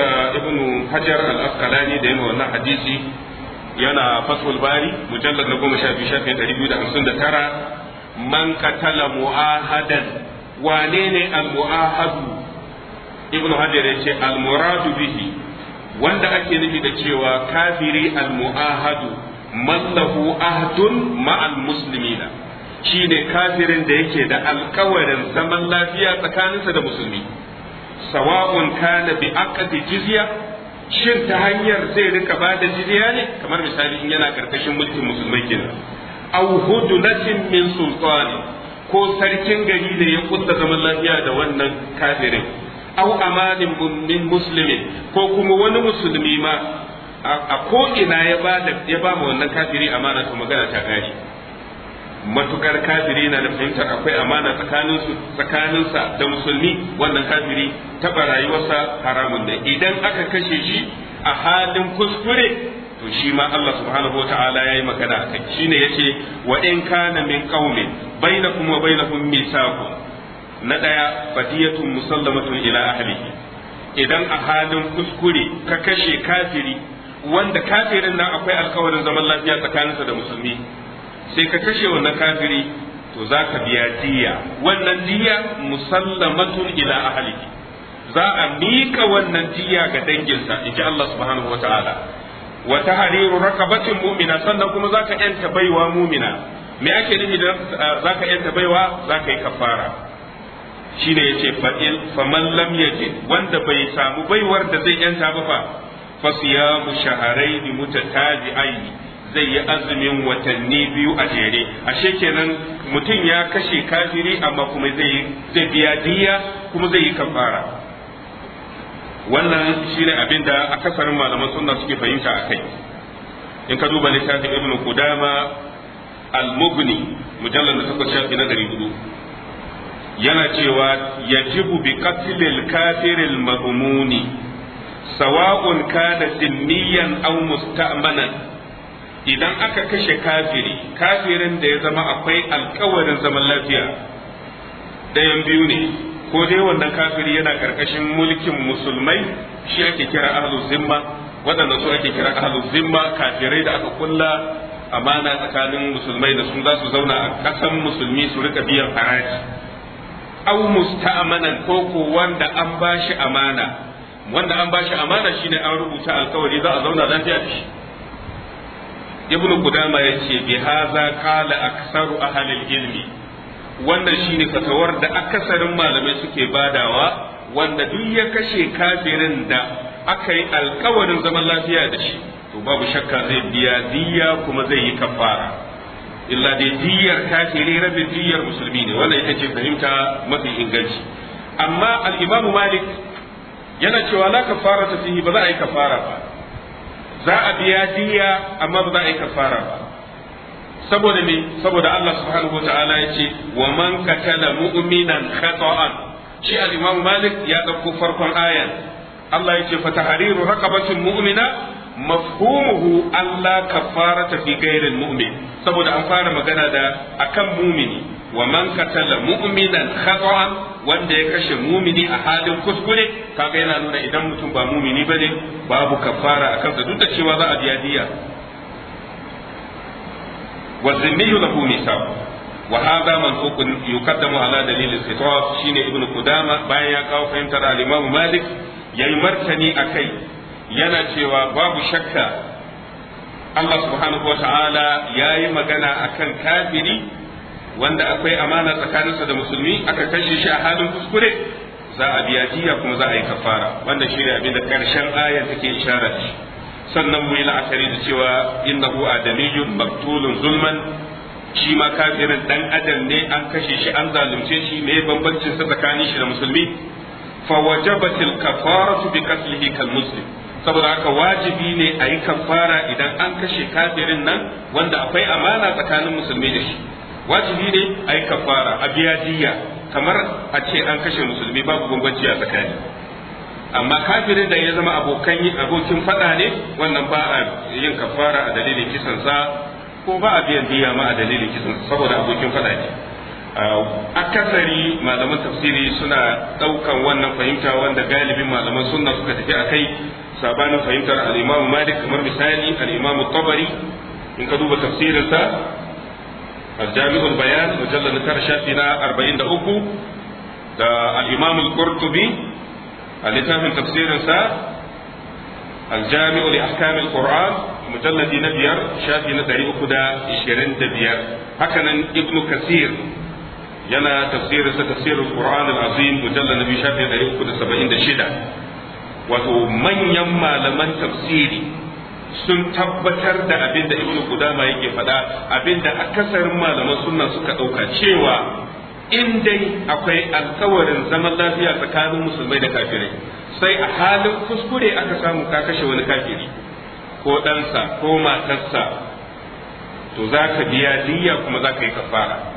uh, hajar al-asqalani da yana wannan hadisi yana fathul bari mujallad na goma sha biyu shafin ɗari biyu da hamsin da tara man katala mu'ahadan wane ne al-mu'ahadu ibn hajar yace ce al-muradu bihi wanda ake nufi da cewa kafiri almu'ahadu man lahu ahdun ma'al muslimina shine kafirin da yake da alkawarin zaman lafiya tsakaninsa da musulmi sawa'un kana bi aqdi jizya shin ta hanyar zai rika bada jizya ne kamar misali in yana karkashin mulkin musulmai kenan aw hudunatin min sultani ko sarkin gari da ya kudda zaman lafiya da wannan kafirin aw amanin min muslimin ko kuma wani musulmi ma a ko ina ya ba ya ba mu wannan kafiri amana to magana ta gashi. matukar kafiri na da fahimtar akwai amana tsakanin su tsakaninsa da musulmi wannan kafiri ta rayuwarsa haramun da idan aka kashe shi a halin kuskure to shi ma Allah subhanahu wataala yayi ya yi magana kai shine yace wa in kana min qaumin bainakum wa bainahum mithaqun na ɗaya fadiyatun musallamatun ila ahlihi idan a halin kuskure ka kashe kafiri wanda kafirin nan akwai alkawarin zaman lafiya tsakaninsa da musulmi sai ka kashe wannan kafiri to za ka biya diya wannan diya musallamatun ila ahlihi za a miƙa wannan diya ga danginsa in ji Allah subhanahu wa ta'ala wa tahriru raqabatin mu'mina sannan kuma za ka yanta baiwa mu'mina me ake nufi da za ka yanta baiwa za ka yi kafara shine yace fa in faman lam ce wanda bai samu baiwar da zai yanta ba fa fa siyamu shahrayn mutatabi'ain zai yi azumin watanni biyu a jere ashe kenan mutum ya kashe kafiri amma kuma zai biya diya kuma zai yi kafara wannan shine abinda akasarin malaman suna suke fahimta akai in ka duba littafin ibnu kudama al-mughni mujallal da takwas shafi na 400 yana cewa yajibu bi qatlil kafiril ma'muni sawa'un kana sinniyan aw musta'manan idan aka kashe kafiri kafirin da ya zama akwai alkawarin zaman lafiya ɗayan biyu ne ko dai wannan kafiri yana karkashin mulkin musulmai shi ake kira ahlu zimma waɗanda su ake kira ahlu zimma kafirai da aka kulla amana tsakanin musulmai da sun za su zauna a ƙasan musulmi su rika biyan haraji aw musta'manan ko ko wanda an bashi amana wanda an bashi amana shine an rubuta alkawari za a zauna lafiya da shi ibnu qudama yace bi hadha qala aksaru ahli ilmi wannan shine fatawar da akasarin malamai suke badawa wanda duk ya kashe kafirin da aka yi alkawarin zaman lafiya da shi to babu shakka zai biya diya kuma zai yi kafara illa dai diyar kafiri rabin diyar musulmi ne wannan ita ce fahimta mafi inganci amma al-imamu malik yana cewa la kafara ta fihi ba za a yi kafara ba za a biya diya amma ba za a yi kafara ba saboda me saboda Allah subhanahu wataala ya ce wa man katala mu'minan khata'an shi al-imamu malik ya dauko farkon ayan Allah ya ce fa tahriru raqabatin mu'mina mafhumuhu Allah kafara ta fi gairin mu'min saboda an fara magana da akan mumini wa man katala mu'minan khata'an wanda ya kashe mumini a halin kuskure kaga yana nuna idan mutum ba mumini bane babu kafara akan sa duk da cewa za a biya diya wa zimmiyu lahu misaq wa hadha mansuq yuqaddamu ala dalil al-khitab shine ibnu qudama bayan ya kawo fahimtar al-imam malik yayi martani akai yana cewa babu shakka Allah subhanahu wa ta'ala ya yi magana a kan kafiri wanda akwai amana tsakaninsa da musulmi aka kashe shi a halin kuskure za a biya jiya kuma za a yi kafara wanda shi ne abin da ƙarshen ayar take shara shi sannan mu yi la'akari da cewa innahu adamiyyun maktulun zulman shi ma kafirin dan adam ne an kashe shi an zalunce shi ne bambancin sa tsakanin shi da musulmi fa wajabatil kafaratu bi qatlihi kal muslim saboda haka wajibi ne a yi kafara idan an kashe kafirin nan wanda akwai amana tsakanin musulmi da shi wajibi ne a yi kafara a biya jiya kamar a ce an kashe musulmi babu bambanci a tsakani amma kafirin da ya zama abokan abokin fada ne wannan ba a yin kafara a dalilin kisan sa ko ba a biyan diya ma a dalilin kisan saboda abokin fada ne Uh, akasari malaman tafsiri suna daukan wannan fahimta wanda galibin malaman sunna suka tafi akai sabanin fahimtar al-Imam Malik kamar misali al-Imam Tabari in ka duba tafsirinsa al-Jami' al-Bayan mujallad shafi na 43 da al-Imam al-Qurtubi al-Litafin tafsirinsa al-Jami' li ahkam al-Qur'an na biyar shafi na hakanan Ibnu Kasir yana tafsirin sa tafsirul Qur'an al-Azim mujallal nabi shafi 376 wato manyan malaman tafsiri sun tabbatar da abin da Ibn Qudama yake faɗa abin da akasarin malaman sunna suka ɗauka cewa in dai akwai alkawarin zaman lafiya tsakanin musulmai da kafirai sai a halin kuskure aka samu ka kashe wani kafiri ko ɗansa ko matarsa to za ka biya diya kuma za ka yi kafara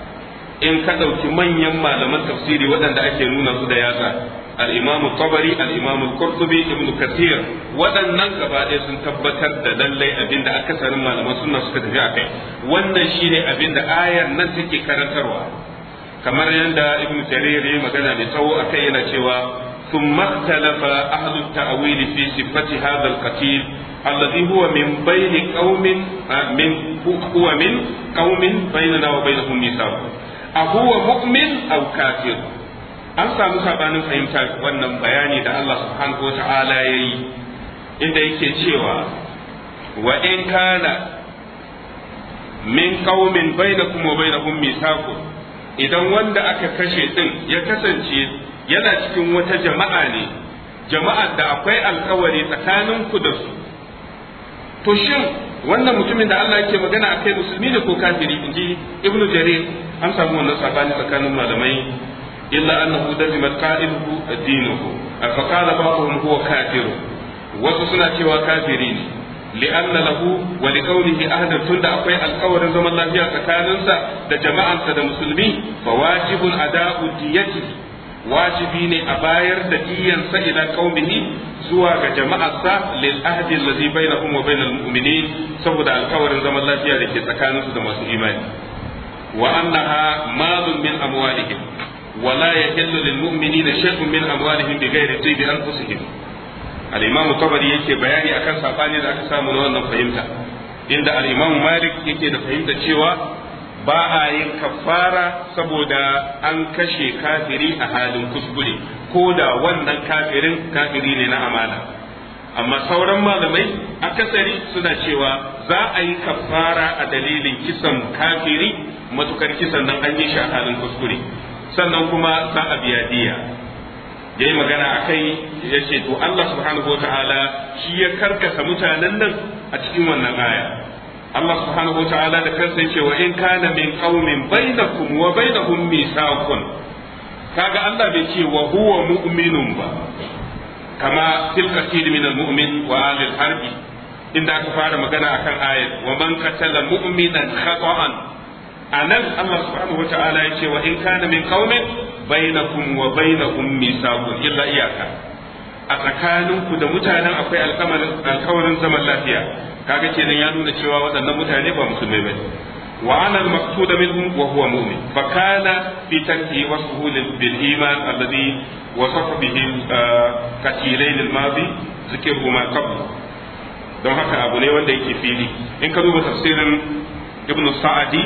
in ka ɗauki manyan malaman tafsiri waɗanda ake nuna su da yatsa al-imam tabari al-imam al-qurtubi ibn kathir waɗannan gaba ɗaya sun tabbatar da lallai abinda akasarin malaman sunna suka tafi a kai wannan shine abinda ayar nan take karantarwa kamar yadda ibn jarir ya magana mai tsawo akai yana cewa ثم اختلف أهل التأويل في صفة هذا القتيل الذي هو من بين قوم من هو من قوم بيننا وبينهم ميثاق a huwa mu'min aw an samu sabanin fahimta wannan bayani da Allah subhanahu wa ta'ala yayi inda yake cewa wa in kana min qaumin bainakum wa bainahum mithaqun idan wanda aka kashe din ya kasance yana cikin wata jama'a ne jama'ar da akwai alkawari tsakaninku da to shin wannan mutumin da Allah yake magana akai musulmi ne ko kafiri inji ibnu jarir an samu wannan sabani tsakanin malamai illa annahu dabimat qa'iluhu dinuhu fa qala ba'dhum huwa kafiru wasu suna cewa kafiri ne li'anna lahu wa liqawlihi ahdan tunda akwai alƙawarin zaman lafiya tsakaninsa da jama'ansa da musulmi fa a ada'u diyatihi wajibi ne a bayar da diyansa ila qaumihi zuwa ga jama'arsa lil ahdi allazi bainahum wa bainal mu'minin saboda alkawarin zaman lafiya da ke tsakaninsu da masu imani wa annaha malun min amwalihim wa la yahillu lil mu'minina shay'un min amwalihim bighairi tibi anfusihim al-imam tabari yake bayani akan sabani da aka samu na wannan fahimta inda al-imam malik yake da fahimta cewa ba a yin kafara saboda an kashe kafiri a halin kuskure ko da wannan kafirin kafiri ne na amana amma sauran malamai akasari suna cewa za a yi kafara a dalilin kisan kafiri matukar kisan nan an yi shi a halin kuskure sannan kuma za a biya diya yayi magana a kai ya ce to Allah subhanahu wataala shi ya karkasa mutanen nan a cikin wannan aya Allah subhanahu wataala da kansa ya ce wa in kana min qaumin bainakum wa bainahum misaqun kaga Allah bai ce wa huwa mu'minun ba kama fil qasid min al mu'min wa al harb inda aka fara magana akan ayat wa man qatala mu'minan khata'an anan Allah subhanahu wata'ala ya ce wa in kana min qaumin bainakum wa bainahum misaqun illa iyaka a tsakaninku da mutanen akwai alkawarin zaman lafiya kaga kenan ya nuna cewa waɗannan mutane ba musulmai bane وعلى المقصود منه وهو مؤمن فكان في تركه وصفه بالإيمان الذي وصف به كثيرين الماضي ذكرهما قبل don haka abu ne wanda yake fili in ka duba tafsirin ibnu sa'adi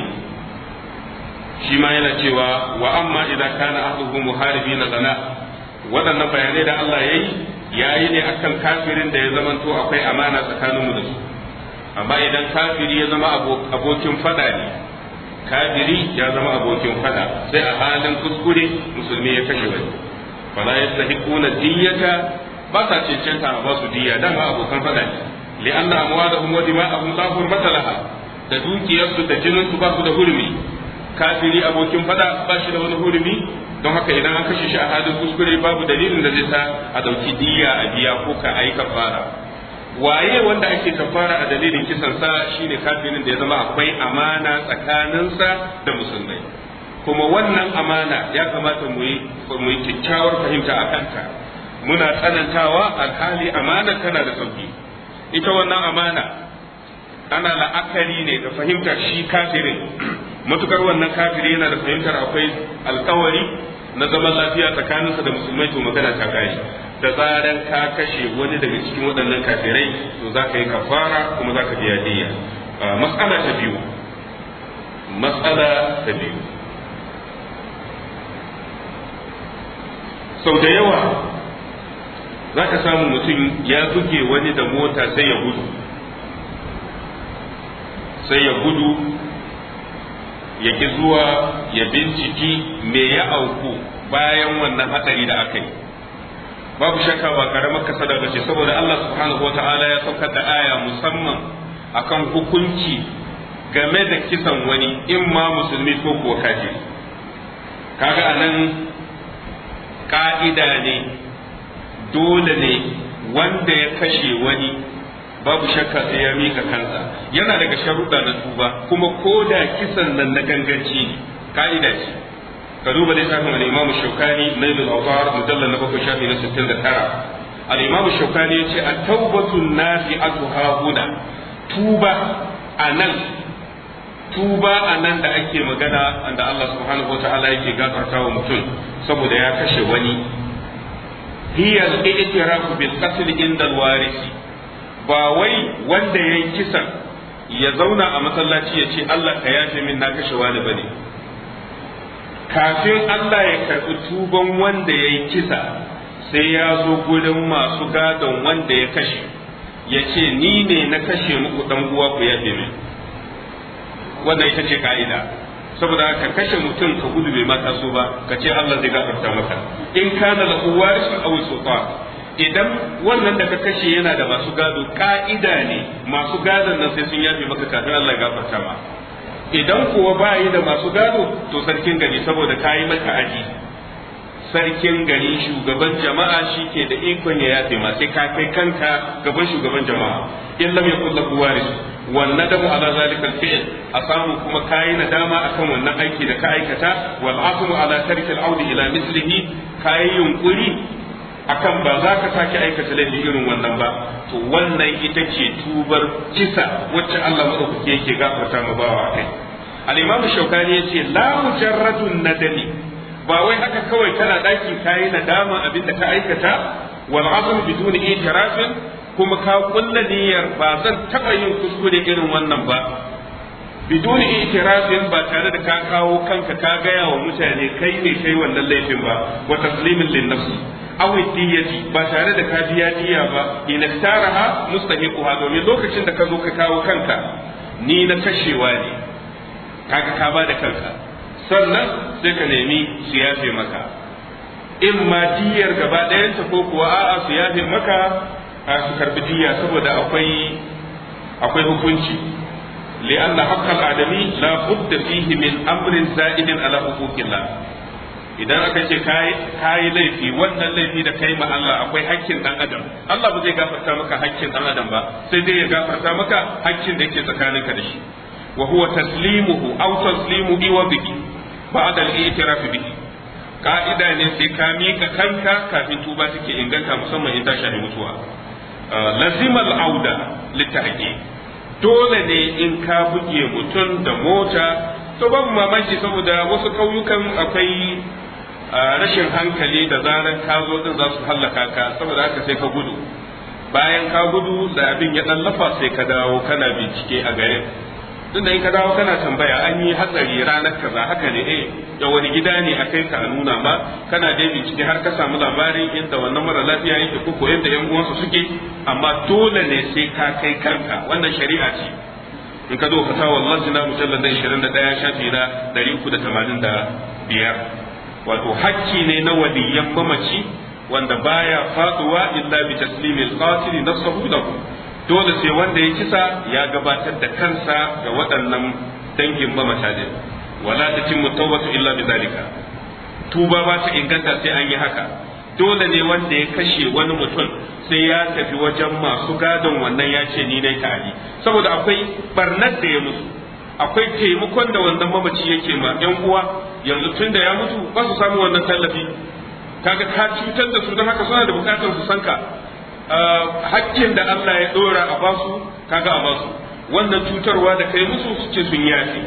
shi ma yana cewa wa amma idan kana ahluhu muharibina lana waɗannan bayanai da Allah yayi yayi ne akan kafirin da ya zamanto akwai amana tsakaninmu da su amma idan kafiri ya zama abokin fada ne kafiri ya zama abokin fada sai a halin kuskure musulmi ya kashe wani fala yastahiquna diyyata ba sa cancanta a ba su diyya dan ma abokan fada ne anna amwaluhum wa dima'uhum la hurmata laha da dukiyarsu da jininsu ba su da hurmi kafiri abokin fada ba shi da wani hurumi don haka idan an kashe shi a halin kuskure babu dalilin da zai sa a dauki diyya a biya ko ka aika fara waye wanda ake tafara a dalilin kisan sa shine kafirin da ya zama akwai amana tsakaninsa da musulmai kuma wannan amana ya kamata mu yi mu yi kyakkyawar fahimta a kanta muna tsanantawa alhali amana tana da sauki ita wannan amana ana la'akari ne da fahimtar shi kafirin matukar wannan kafiri yana da fahimtar akwai alkawari na zaman lafiya tsakaninsa da musulmai to magana ta kare da zaran ka kashe wani daga cikin waɗannan kafirai to za ka yi kafara kuma za ka biya diya ah, mas'ala ta biyu mas'ala ta biyu sau da yawa za ka samu mutum ya buge wani da mota sai ya gudu sai ya gudu ya ki zuwa ya binciki me ya auku bayan wannan hatsari da aka yi babu shakka ba karamar kasada da ce saboda Allah subhanahu wata'ala ta'ala ya saukar da aya musamman akan hukunci game da kisan wani in ma musulmi ko ko kafiri kaga anan ka'ida ne dole ne wanda ya kashe wani babu shakka sai ya mika kansa yana daga sharuɗa na tuba kuma ko da kisan nan na ganganci ne. ka'ida ce ka duba littafin al-Imam Shawkani Nailul Awtar mujallal na bakwai shafi na da 69 al-Imam Shawkani yace at-taubatu nafi'atu hahuna tuba a nan. tuba a nan da ake magana da Allah subhanahu wataala yake gafarta wa mutum saboda ya kashe wani hiya al-i'tirafu bil qatl inda al-warisi ba wai wanda ya yi kisan ya zauna a masallaci ya ce Allah ka yafe min na kashe wani bane kafin Allah ya karɓi tuban wanda ya yi kisa sai ya zo gurin masu gadon wanda ya kashe ya ce ni ne na kashe muku dan uwa ku yafe min wannan ita ce ka'ida saboda ka kashe mutum ka gudu bai mata so ba ka ce Allah zai gafarta maka in kana uwa shi aw sultan idan wannan da ka kashe yana da masu gado ka'ida ne masu gadon nan sai sun yafe maka kafin Allah gafarta ma idan kuwa ba yi da masu gado to sarkin gari saboda ka yi maka aji sarkin gari shugaban jama'a shi ke da ikon ya yafe ma sai ka kai kanka gaban shugaban jama'a in lam yakul lahu waris wan nadamu ala zalika al-fi'l a samu kuma kai nadama akan wannan aiki da ka aikata wal asmu ala tarki al-audi ila mislihi kai yunkuri akan ba za ka sake aikata laifi irin wannan ba to wannan ita ce tubar kisa wacce Allah madaukake yake gafarta ma bawa kai al-imam shaukani yace la mujarradun nadami ba wai haka kawai kana daki kai nadama abin da ka aikata wal azm bidun itirafin kuma ka kulla niyyar ba zan taba yin kuskure irin wannan ba biduni itirafin ba tare da ka kawo kanka ka gaya wa mutane kai ne kai wannan laifin ba wa taslimin lin nafsi aw diyati ba tare da ka biya diya ba in taraha mustahiquha domin lokacin da ka zo ka kawo kanka ni na kashewa ne kaga ka ba da kanka sannan sai ka nemi su yafe maka in ma diyar gaba ɗayanta ko kuwa a'a su yafe maka a su karbi diya saboda akwai akwai hukunci لأن حق الآدمي لا بد فيه من أمر زائد على حقوق الله idan aka ce kayi laifi wannan laifi da kai ma Allah akwai hakkin dan adam Allah ba zai gafarta maka hakkin dan adam ba sai dai ya gafarta maka hakkin da yake ka da shi wa huwa taslimuhu aw taslimu wa bihi ba'da al-i'tiraf bihi ka'ida ne sai ka mika kanka kafin tuba take inganta musamman in ta shafi mutuwa lazimal auda litahqiq dole ne in ka buge mutum da mota to ban mamaki saboda wasu ƙauyukan akwai rashin hankali da zaran ka zo din za su hallaka ka saboda haka sai ka gudu bayan ka gudu da abin ya ɗan lafa sai ka dawo kana bincike a garin tun da in ka dawo kana tambaya an yi hatsari ranar kaza haka ne eh da wani gida ne a kai ka a nuna ma kana da bincike har ka samu labarin inda wannan mara lafiya yake ko ko yadda yan uwansa suke amma dole ne sai ka kai kanka wannan shari'a ce in ka zo fatawa dai jina da 21 shafi na 385 wato hakki ne na waliyan mamaci wanda baya faduwa illa bi taslimil qatil nafsuhu lahu dole sai wanda ya kisa ya gabatar da kansa ga waɗannan dangin ba masajin wala ta cin mutawatu illa bi zalika tuba ba ta inganta sai an yi haka dole ne wanda ya kashe wani mutum sai ya tafi wajen masu gadon wannan ya ce ni na tari saboda akwai barnar da ya mutu. akwai taimakon da wannan mamaci yake ma yan uwa yanzu tun da ya mutu ba su samu wannan tallafi kaga ka cutar da su don haka suna da bukatar su sanka haƙƙin da Allah ya ɗora a basu kaga a basu wannan cutarwa da kai musu su ce sun yafi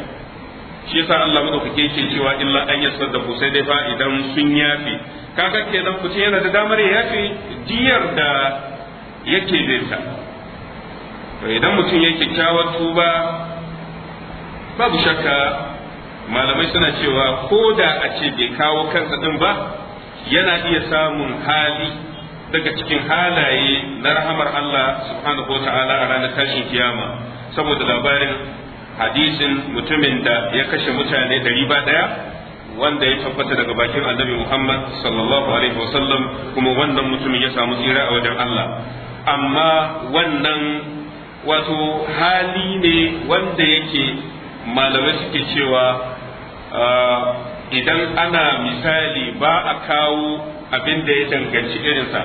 shi yasa Allah madaukake ke cewa illa an yasaddaku sai dai fa idan sun yafi kaga kenan kuce yana da damar ya yafe diyar da yake binta to idan mutum ya kyakkyawar tuba babu shakka malamai suna cewa ko da a ce bai kawo kansa din ba yana iya samun hali daga cikin halaye na rahamar Allah subhanahu wa a ranar tashin kiyama saboda labarin hadisin mutumin da ya kashe mutane ɗari ba ɗaya wanda ya tabbata daga bakin annabi Muhammad sallallahu alaihi wasallam kuma wannan mutumin ya samu tsira a wajen Allah amma wannan wato hali ne wanda yake malamai suke cewa ah, idan ana misali ba a kawo abin da ya danganci irinsa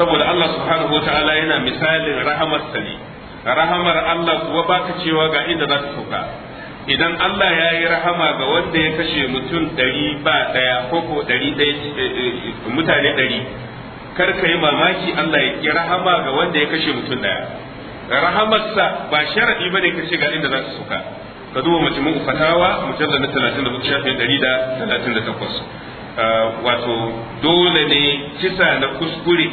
saboda Allah subhanahu wa ta'ala yana misalin rahamarsa ne rahamar Allah kuwa baka cewa ga inda za ta sauka idan Allah ya yi rahama ga wanda ya kashe mutum ɗari ba ɗaya ko ɗari ɗaya eh, eh, mutane ɗari kar ka yi mamaki Allah ya yi rahama ga wanda ya kashe mutum ɗaya rahamarsa ba sharaɗi ba ne ce ga inda za ta sauka ka duba majmu'u fatawa mujallal na 34 shafin 138 ah, wato dole ne kisa na kuskure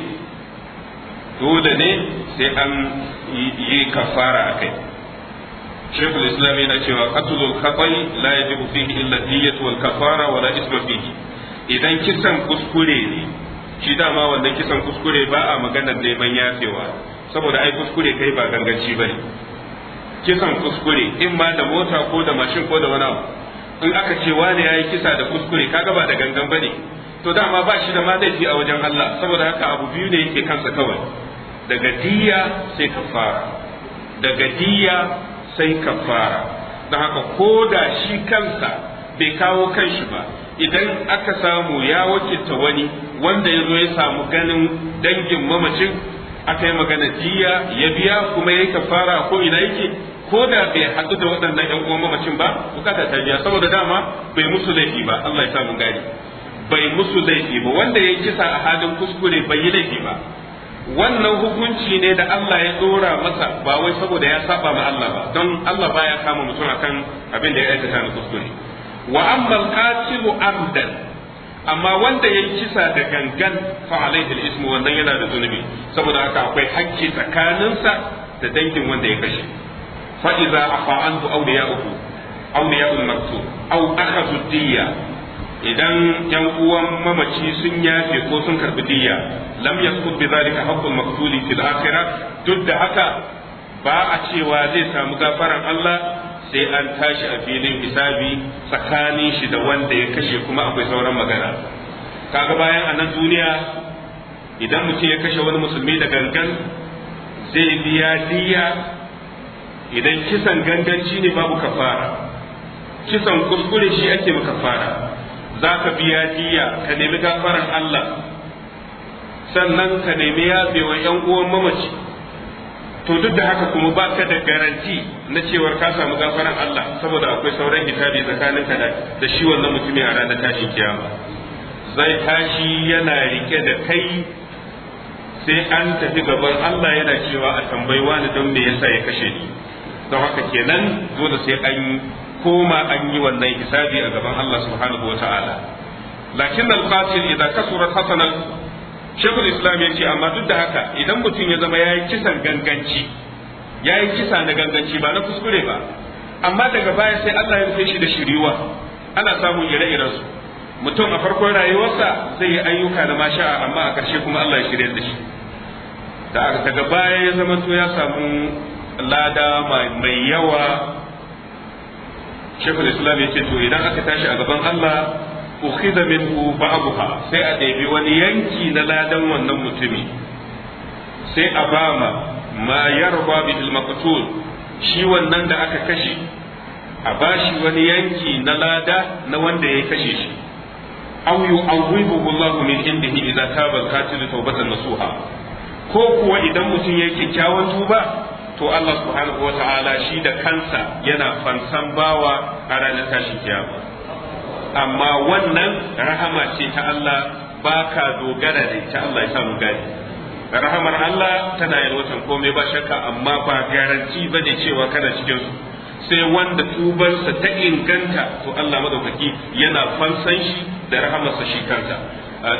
dole ne sai an yi kafara a kai shekul islam yana cewa qatlul kafai la ji bufi illa diyyatu wal kafara wala isma fihi idan kisan kuskure ne shi dama wannan kisan kuskure ba a maganar neman yafewa saboda ai kuskure kai ba ganganci bane kisan kuskure in ma da mota ko da mashin ko da wani abu in aka ce wani ya yi kisa da kuskure kaga ba da gangan bane to dama ba shi da ma zai a wajen Allah saboda haka abu biyu ne yake kansa kawai daga diya sai kafara daga diya sai kafara don haka ko da shi kansa bai kawo kanshi ba idan aka samu ya wakilta wani wanda ya zo ya samu ganin dangin mamacin aka yi magana jiya ya biya kuma ya yi kafara ko ina yake ko da bai haɗu da waɗannan ƴan uwan mamacin ba bukata ta biya saboda dama bai musu laifi ba Allah ya sa gari bai musu laifi ba wanda ya kisa a halin kuskure bai yi laifi ba wannan hukunci ne da Allah ya dora masa ba wai saboda ya saba ma Allah ba don Allah baya kama mutum akan abin da ya aikata na kuskure wa amma al-qatilu amdan amma wanda ya kisa da gangan fa alaihi al-ismu wannan yana da zunubi saboda haka akwai hakki tsakaninsa da dangin wanda ya kashe fa idza afa awliya'uhu awliya'ul maktub aw akhadhu diyya idan yan uwan mamaci sun yafe ko sun karbi diyya lam yasqut bi zalika haqqul maqtuli fil akhirah duk da haka ba a cewa zai samu gafaran Allah sai an tashi a filin hisabi tsakanin shi da wanda ya kashe kuma akwai sauran magana kaga bayan a nan duniya idan mutum ya kashe wani musulmi da gangan zai biya diyya idan kisan ganganci ne babu kafara kisan kuskure shi ake maka fara za ka biya diya ka nemi gafaran Allah sannan ka nemi yafewa yan uwan mamaci to duk da haka kuma ba ka da garanti na cewar ka samu gafaran Allah saboda akwai sauran hitabi tsakanin ka da shi wannan mutumin a ranar tashin kiyama zai tashi yana rike da kai sai an tafi gaban Allah yana cewa a tambayi wani don me yasa ya kashe ni da haka kenan dole sai an koma an yi wannan hisabi a gaban Allah subhanahu wa lakin al qatil idan kasura hasanan shekul islam ya amma duk da haka idan mutum ya zama ya yi kisan ganganci ya kisa na ganganci ba na kuskure ba amma daga baya sai Allah ya rufe shi da shiriwa ana samu ire-iren su mutum a farkon rayuwarsa zai yi ayyuka da masha amma a ƙarshe kuma Allah ya shirye da shi daga baya ya zama to ya samu lada mai yawa shekul islam ya ce to idan aka tashi a gaban Allah ukhidha minhu ba'daha sai a ɗebi wani yanki na ladan wannan mutumi sai a bama ma yarba bihil maqtul shi wannan da aka kashe a bashi wani yanki na lada na wanda ya kashe shi aw yu'awwibuhu Allahu min indihi idza taba al-qatil tawbatan nasuha ko kuwa idan mutum yake kyakkyawan tuba to Allah subhanahu wa ta'ala shi da kansa yana fansan bawa a ranar tashin kiyama amma wannan rahama ce ta Allah ba ka dogara da ita Allah ya samu gani rahamar Allah tana watan komai ba shakka amma ba garanti ba ne cewa kana cikin su sai wanda tubarsa ta inganta to Allah madaukaki yana fansan shi da rahamarsa shi kansa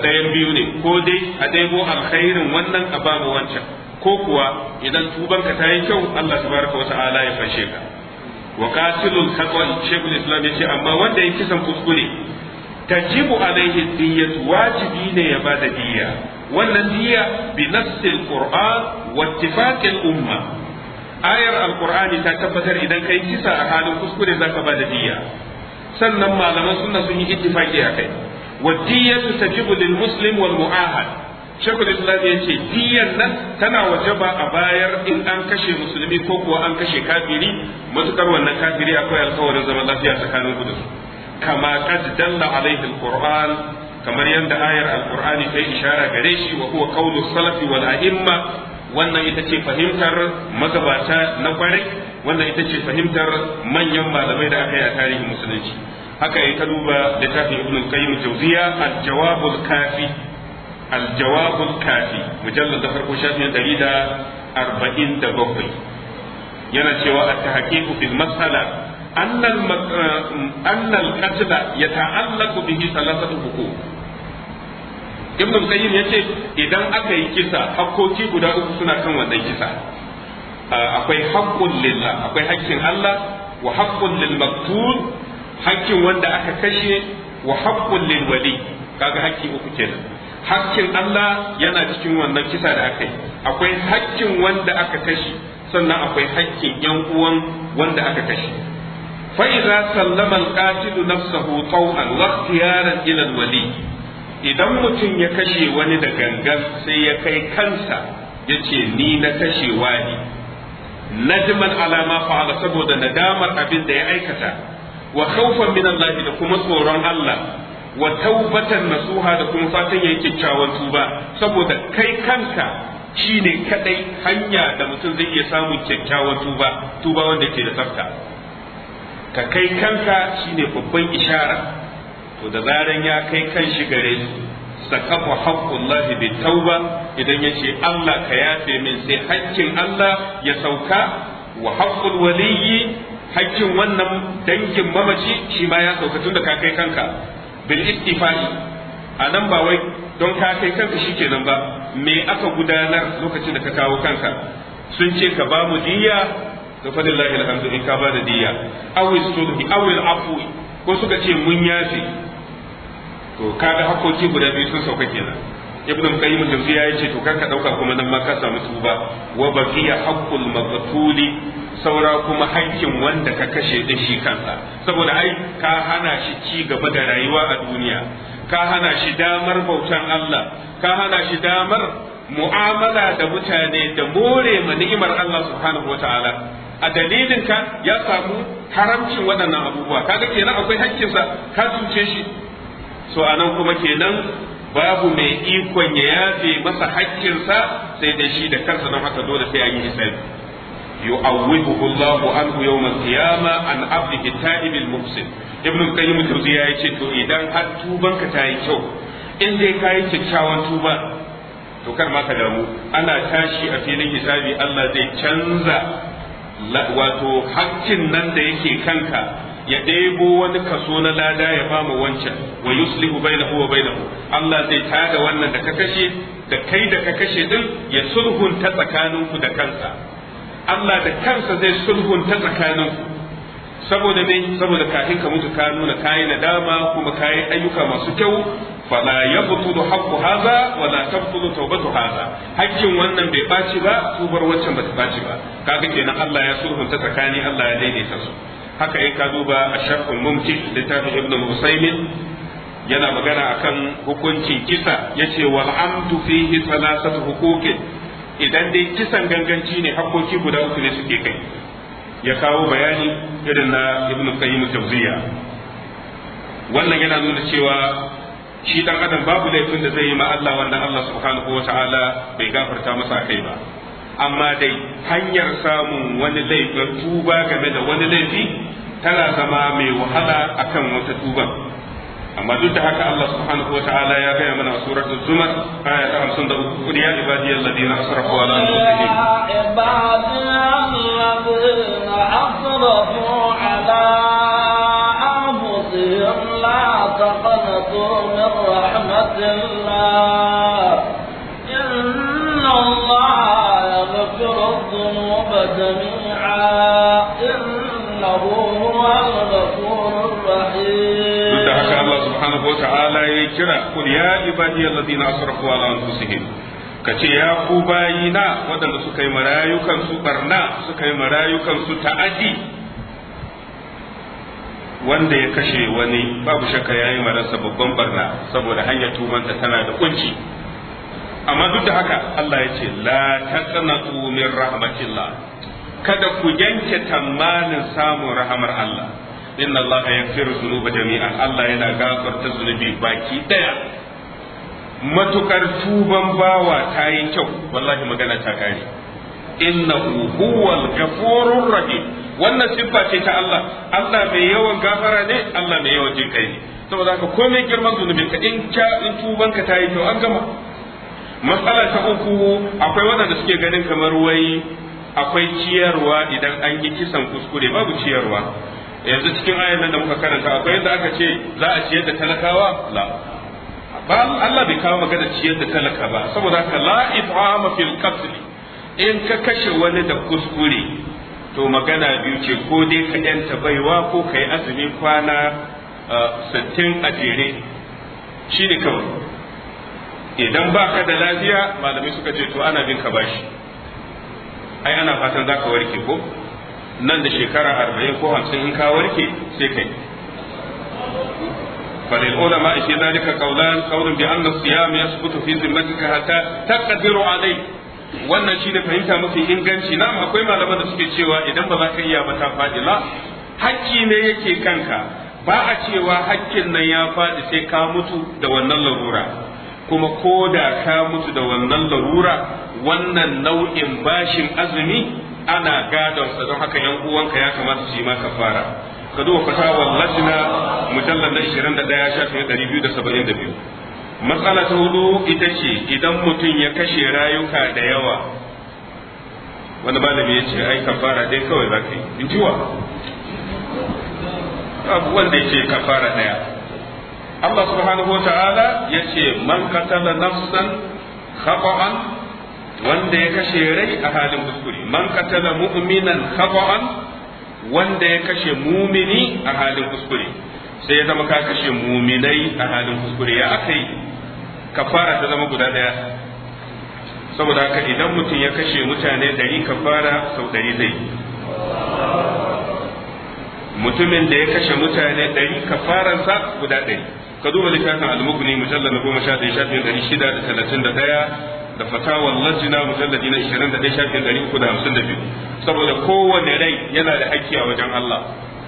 ɗayan biyu ne ko dai a ɗaibo alkhairin wannan a wancan ko kuwa idan tubanka ta yi kyau Allah tabaraka wata'ala ya fashe ka wa qatilul khatwan shaykhul islam yace amma wanda ya kisan kuskure tajibu alaihi diyyatu wajibi ne ya bada diyya wannan diyya bi nassil qur'an wa ittifaqil umma ayar alqur'ani ta tabbatar idan kai kisa a halin kuskure zaka bada diyya sannan malaman sunna sun yi ittifaqi akai wa diyyatu tajibu lil muslim wal mu'ahad shekul islam ya ce diyan nan tana waje ba a bayar in an kashe musulmi ko kuwa an kashe kafiri matukar wannan kafiri akwai alkawarin zaman lafiya tsakanin gudu kama kad dalla alaihi alquran kamar yadda ayar alqur'ani ta ishara gare shi wa huwa qawlu salafi wal a'imma wannan ita ce fahimtar magabata na kwarai wannan ita ce fahimtar manyan malamai da aka yi a tarihin musulunci haka in ta duba littafin ibn qayyim jawziya al-jawabul kafi الجواب الكافي mujallar da farko shafin ɗari da arba'in da bakwai yana cewa a ta haƙiƙu fil masala annal katila ya ta'allaku ibn yace idan aka yi kisa hakkoki guda uku suna kan wannan kisa akwai haqqul lillah akwai haƙƙin Allah wa haqqul lil maqtul haƙƙin wanda aka kashe wa haqqul lil wali kaga haƙƙi uku kenan hakkin Allah yana cikin wannan kisa da aka yi akwai hakkin wanda aka kashe sannan akwai hakkin yan uwan wanda aka kashe fa idza sallama al-qatilu nafsahu taw'an wa ikhtiyaran ila al-wali idan mutum ya kashe wani da gangan sai ya kai kansa ya ce ni na kashe wani najman ala ma fa'ala saboda nadamar abin da ya aikata wa khawfan min Allah da kuma tsoron Allah wa taubatan nasuha da kuma fatan yayi kyakkyawan tuba saboda kai kanka shine kadai hanya da mutum zai iya samun kyakkyawan tuba tuba wanda ke da tsafta ka kai kanka shine babban ishara to da zaran ya kai kan shi gare su sakafa haqqullahi bi tauba idan yace Allah ka yafe min sai haƙƙin Allah ya sauka wa haqqul waliyyi haƙƙin wannan dangin mamaci shi ma ya sauka tunda ka kai kanka bil ittifaqi a ba wai don ka kai kanka shikenan ba me aka gudanar lokacin da ka kawo kanka sun ce ka ba mu diya to fa lillahi alhamdu in ka ba da diya aw sulhi aw afu ko suka ce mun yafe to kaga hakoki guda biyu sun sauka kenan ibn qayyim jawziya yace to kanka dauka kuma nan ma ka samu tuba wa baqiya haqqul maqtuli saura kuma hankin wanda ka kashe da shi kansa saboda ai ka hana shi ci gaba da rayuwa a duniya ka hana shi damar bautan Allah ka hana shi damar mu'amala da mutane da more ma ni'imar Allah subhanahu wata'ala a dalilin ka ya samu haramcin waɗannan abubuwa kaga kenan akwai hakkinsa ka cuce shi so anan kuma kenan babu mai ikon ya yafe masa hakkinsa sai da shi da kansa don haka dole sai a yi hisabi yu'awwiduhu Allahu anhu yawm al an abdihi ta'ib al-muhsin ibn qayyim tawziya yace to idan har ta yi kyau in dai kai kyakkyawan tuba to kar ma ka damu ana tashi a filin hisabi Allah zai canza wato hakkin nan da yake kanka ya ɗebo wani kaso na lada ya ba wancan wa wa Allah zai tada wannan da ka da kai da ka kashe ya sulhunta tsakaninku da kanka. Allah da kansa zai sulhunta tsakanin saboda me saboda kafin ka mutu ka nuna kayi nadama kuma kayi ayyuka masu kyau fala yabtudu haqqu hadha wala tabtudu tawbatu hadha hakkin wannan bai baci ba tubar waccan bata baci ba kaga kenan Allah ya sulhunta tsakani Allah ya daidaita su haka in ka duba a sharhul mumkin littafin ibn musaimin yana magana akan hukuncin kisa yace wal amdu fihi thalathatu huquqin idan dai kisan ganganci ne hakkoki guda uku ne suke kai ya kawo bayani irin na ibnu qayyim tawziya wannan yana nuna cewa shi dan adam babu laifin da zai yi ma Allah wannan Allah subhanahu wataala bai gafarta masa kai ba amma dai hanyar samun wani laifin tuba game da wani laifi tana zama mai wahala akan wata tuban amma duk da haka Allah subhanahu wa ta'ala ya gaya mana a suratul zumar aya ta 53 qul ya ibadiyal ladina asrafu ala anfusihim ibadiyal ladina asrafu ala ta'ala ya kira kul ya ibadiyal ladina asrafu ala anfusihim kace ya ku bayina waɗanda suka yi marayukan su barna suka yi marayukan su ta'adi wanda ya kashe wani babu shakka ya yi marasa babban barna saboda hanyar tumanta tana da kunci amma duk da haka Allah ya ce la taqnatu min rahmatillah kada ku yanke tamanin samun rahamar Allah inna allaha yaghfiru dhunuba jami'an Allah yana gafarta zunubi baki daya matukar tuban bawa ta yi kyau wallahi magana ta kare innahu huwal ghafurur rahim wannan siffa ce ta Allah Allah mai yawan gafara ne Allah mai yawan jin kai ne saboda haka komai girman zunubi ka in ka in tuban ka ta yi kyau an gama matsala ta uku akwai waɗanda suke ganin kamar wai akwai ciyarwa idan an yi kisan kuskure babu ciyarwa yanzu cikin ayan nan da muka karanta akwai yadda aka ce za a ciyar da talakawa la ba Allah bai kawo magana ciyar da talaka ba saboda haka la ifama fil qatl in ka kashe wani da kuskure to magana biyu ce ko dai ka yanta baiwa ko ka azumi kwana uh, sittin a jere shi ne kawai idan ba ka da lafiya malamai suka ce to ana bin ka bashi ai ana fatan za ka warke ko nan da shekara arba'in ko hamsin in ka warke sai kai فللعلماء في ذلك قولان bi anna siyam yasbutu fi zimmatika hatta taqdiru عليه wannan shi da fahimta mafi inganci na akwai malaman da suke cewa idan ba za ka iya ba ta faɗi la hakki ne yake kanka ba a cewa hakkin nan ya faɗi sai ka mutu da wannan larura kuma ko da ka mutu da wannan larura wannan nau'in bashin azumi ana gadon sa don haka yan uwanka ya kamata su yi maka kafara ka duba fatawa lajna mujallal na 21 shafi 272 matsala ta hudu ita ce idan mutum ya kashe rayuka da yawa wani malami ya ce ai kafara dai kawai za ka yi in jiwa wanda ya ce kafara daya Allah subhanahu wa ta'ala ya ce man katala nafsan khata'an wanda ya kashe rai a halin kuskure man qatala mu'minan khata'an wanda ya kashe mumini a halin kuskure sai ya zama ka kashe muminai a halin kuskure ya akai kafara ta zama guda daya saboda haka idan mutum ya kashe mutane dari kafara sau dari zai mutumin da ya kashe mutane dari kafaransa guda ɗari ka duba littafin al-mughni mujallal na goma sha ɗaya shafin ɗari shida da talatin da ɗaya da fatawar lajina mujalladi na 21 shafin 352 saboda kowane rai yana da haƙƙi a wajen Allah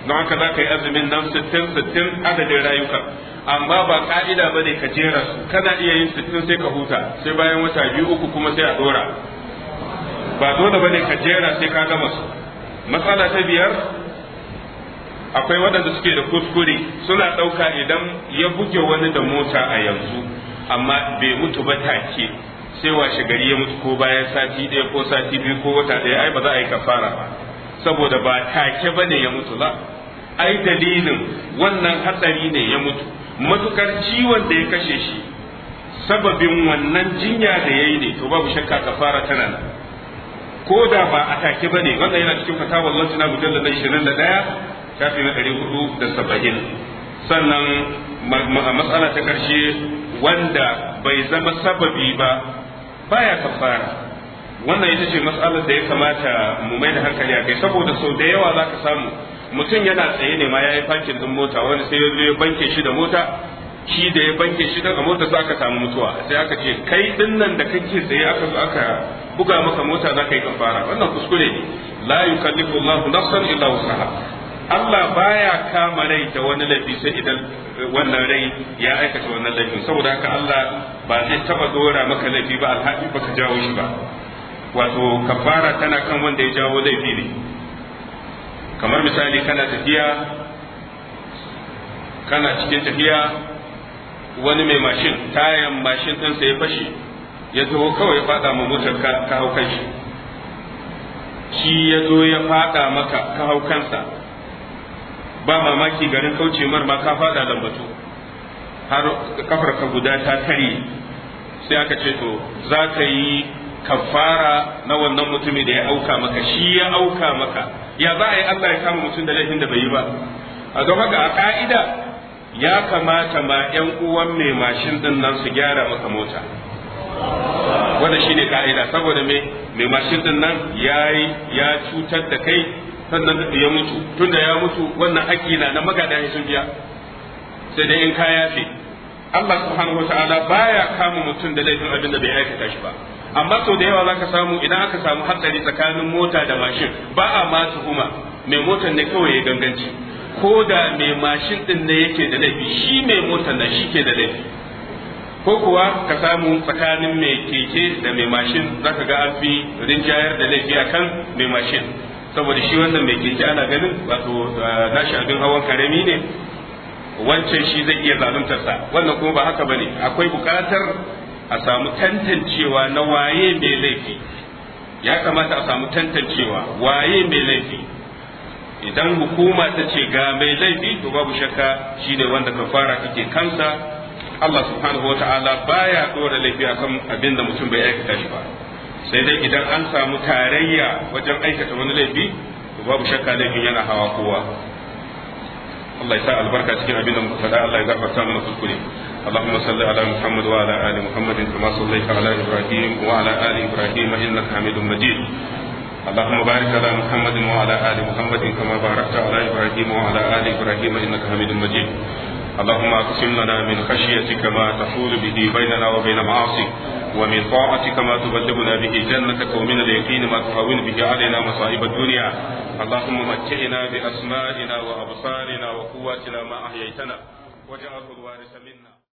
don haka za ka yi azumin nan 60-60 adadin rayuka amma ba ka'ida ba ne ka jera su kana iya yin 60 sai ka huta sai bayan wata biyu uku kuma sai a dora ba dole ba ne ka jera sai ka gama su matsala ta biyar akwai waɗanda suke da kuskure suna ɗauka idan ya buge wani da mota a yanzu amma bai mutu ba take sai washe gari ya mutu ko bayan sati ɗaya ko sati biyu ko wata ɗaya ai ba za a yi kafara ba saboda ba take ba ne ya mutu ba ai dalilin wannan hatsari ne ya mutu matukar ciwon da ya kashe shi sababin wannan jinya da ya yi ne to babu shakka kafara tana nan ko da ba a take ba ne wannan yana cikin fatawar lantana mujallar na ishirin da ɗaya shafi na ɗari hudu da saba'in sannan matsala ta ƙarshe wanda bai zama sababi ba baya kafara wannan ita ce matsalar da ya kamata mu mai da hankali a kai saboda sau da yawa za ka samu mutum yana tsaye ne ma ya yi fankin din mota wani sai ya zo ya banke shi da mota shi da ya banke shi daga mota sai aka samu mutuwa sai aka ce kai din da kake tsaye aka zo aka buga maka mota za ka yi kafara wannan kuskure ne la yukallifu nafsan illa wusaha Allah baya kama rai da wani laifi sai idan wannan rai ya aikata wannan laifin saboda haka Allah ba zai taba dora maka laifi ba alhaji ka jawo shi ba wato kafara tana kan wanda ya jawo laifi ne kamar misali kana tafiya kana cikin tafiya wani mai mashin tayan mashin ɗinsa ya fashe ya zo kawai ya faɗa mu motar ka hau kanshi shi ya zo ya faɗa maka ka hau kansa ba mamaki garin kauce mar ma ka fada lambatu har kafar ka guda ta tare sai aka ce to za ka yi kafara na wannan mutumin da ya auka maka shi ya auka maka ya za a yi Allah ya kama mutum da laifin da bai yi ba a ga haka a ka'ida ya kamata ma yan uwan mai mashin din nan su gyara maka mota wanda shine ka'ida saboda mai mashin din nan ya cutar da kai sannan da ya mutu tunda ya mutu wannan haƙƙi na na magada sun biya sai dai in ka yafe Allah subhanahu wataala baya kama mutum da laifin abin da bai aikata shi ba amma sau da yawa zaka samu idan aka samu hatsari tsakanin mota da mashin ba a ma tuhuma mai motar ne kawai ya ganganci ko da mai mashin din ne yake da laifi shi mai motar na shi ke da laifi ko kuwa ka samu tsakanin mai keke da mai mashin zaka ga an fi rinjayar da laifi akan mai mashin saboda shi wannan mai kirki ana ganin wato eh, nashi abin hawan karami ne wancan shi zai iya sa wannan kuma ba haka bane akwai bukatar a samu tantancewa na waye mai laifi ya kamata a samu tantancewa waye mai laifi idan hukuma ta ce ga mai laifi to babu shakka shine wanda ka fara kike kansa Allah subhanahu wa ta'ala baya dora laifi akan abinda mutum bai aikata shi ba sai dai idan an samu tarayya wajen aikata wani laifi babu shakka laifin yana hawa kowa Allah ya sa albarka cikin abin da muka faɗa Allah ya gafarta mana kuskure اللهم صل على محمد وعلى آل محمد كما صليت على إبراهيم وعلى آل إبراهيم إنك حميد مجيد اللهم بارك على محمد وعلى آل محمد كما باركت على إبراهيم وعلى آل إبراهيم إنك حميد مجيد اللهم اقسم لنا من خشيتك ما تحول به بيننا وبين معاصيك ومن طاعتك ما تبلغنا به جنتك ومن اليقين ما تهون به علينا مصائب الدنيا اللهم متعنا بأسمائنا وأبصارنا وقواتنا ما أحييتنا واجعله الوارث منا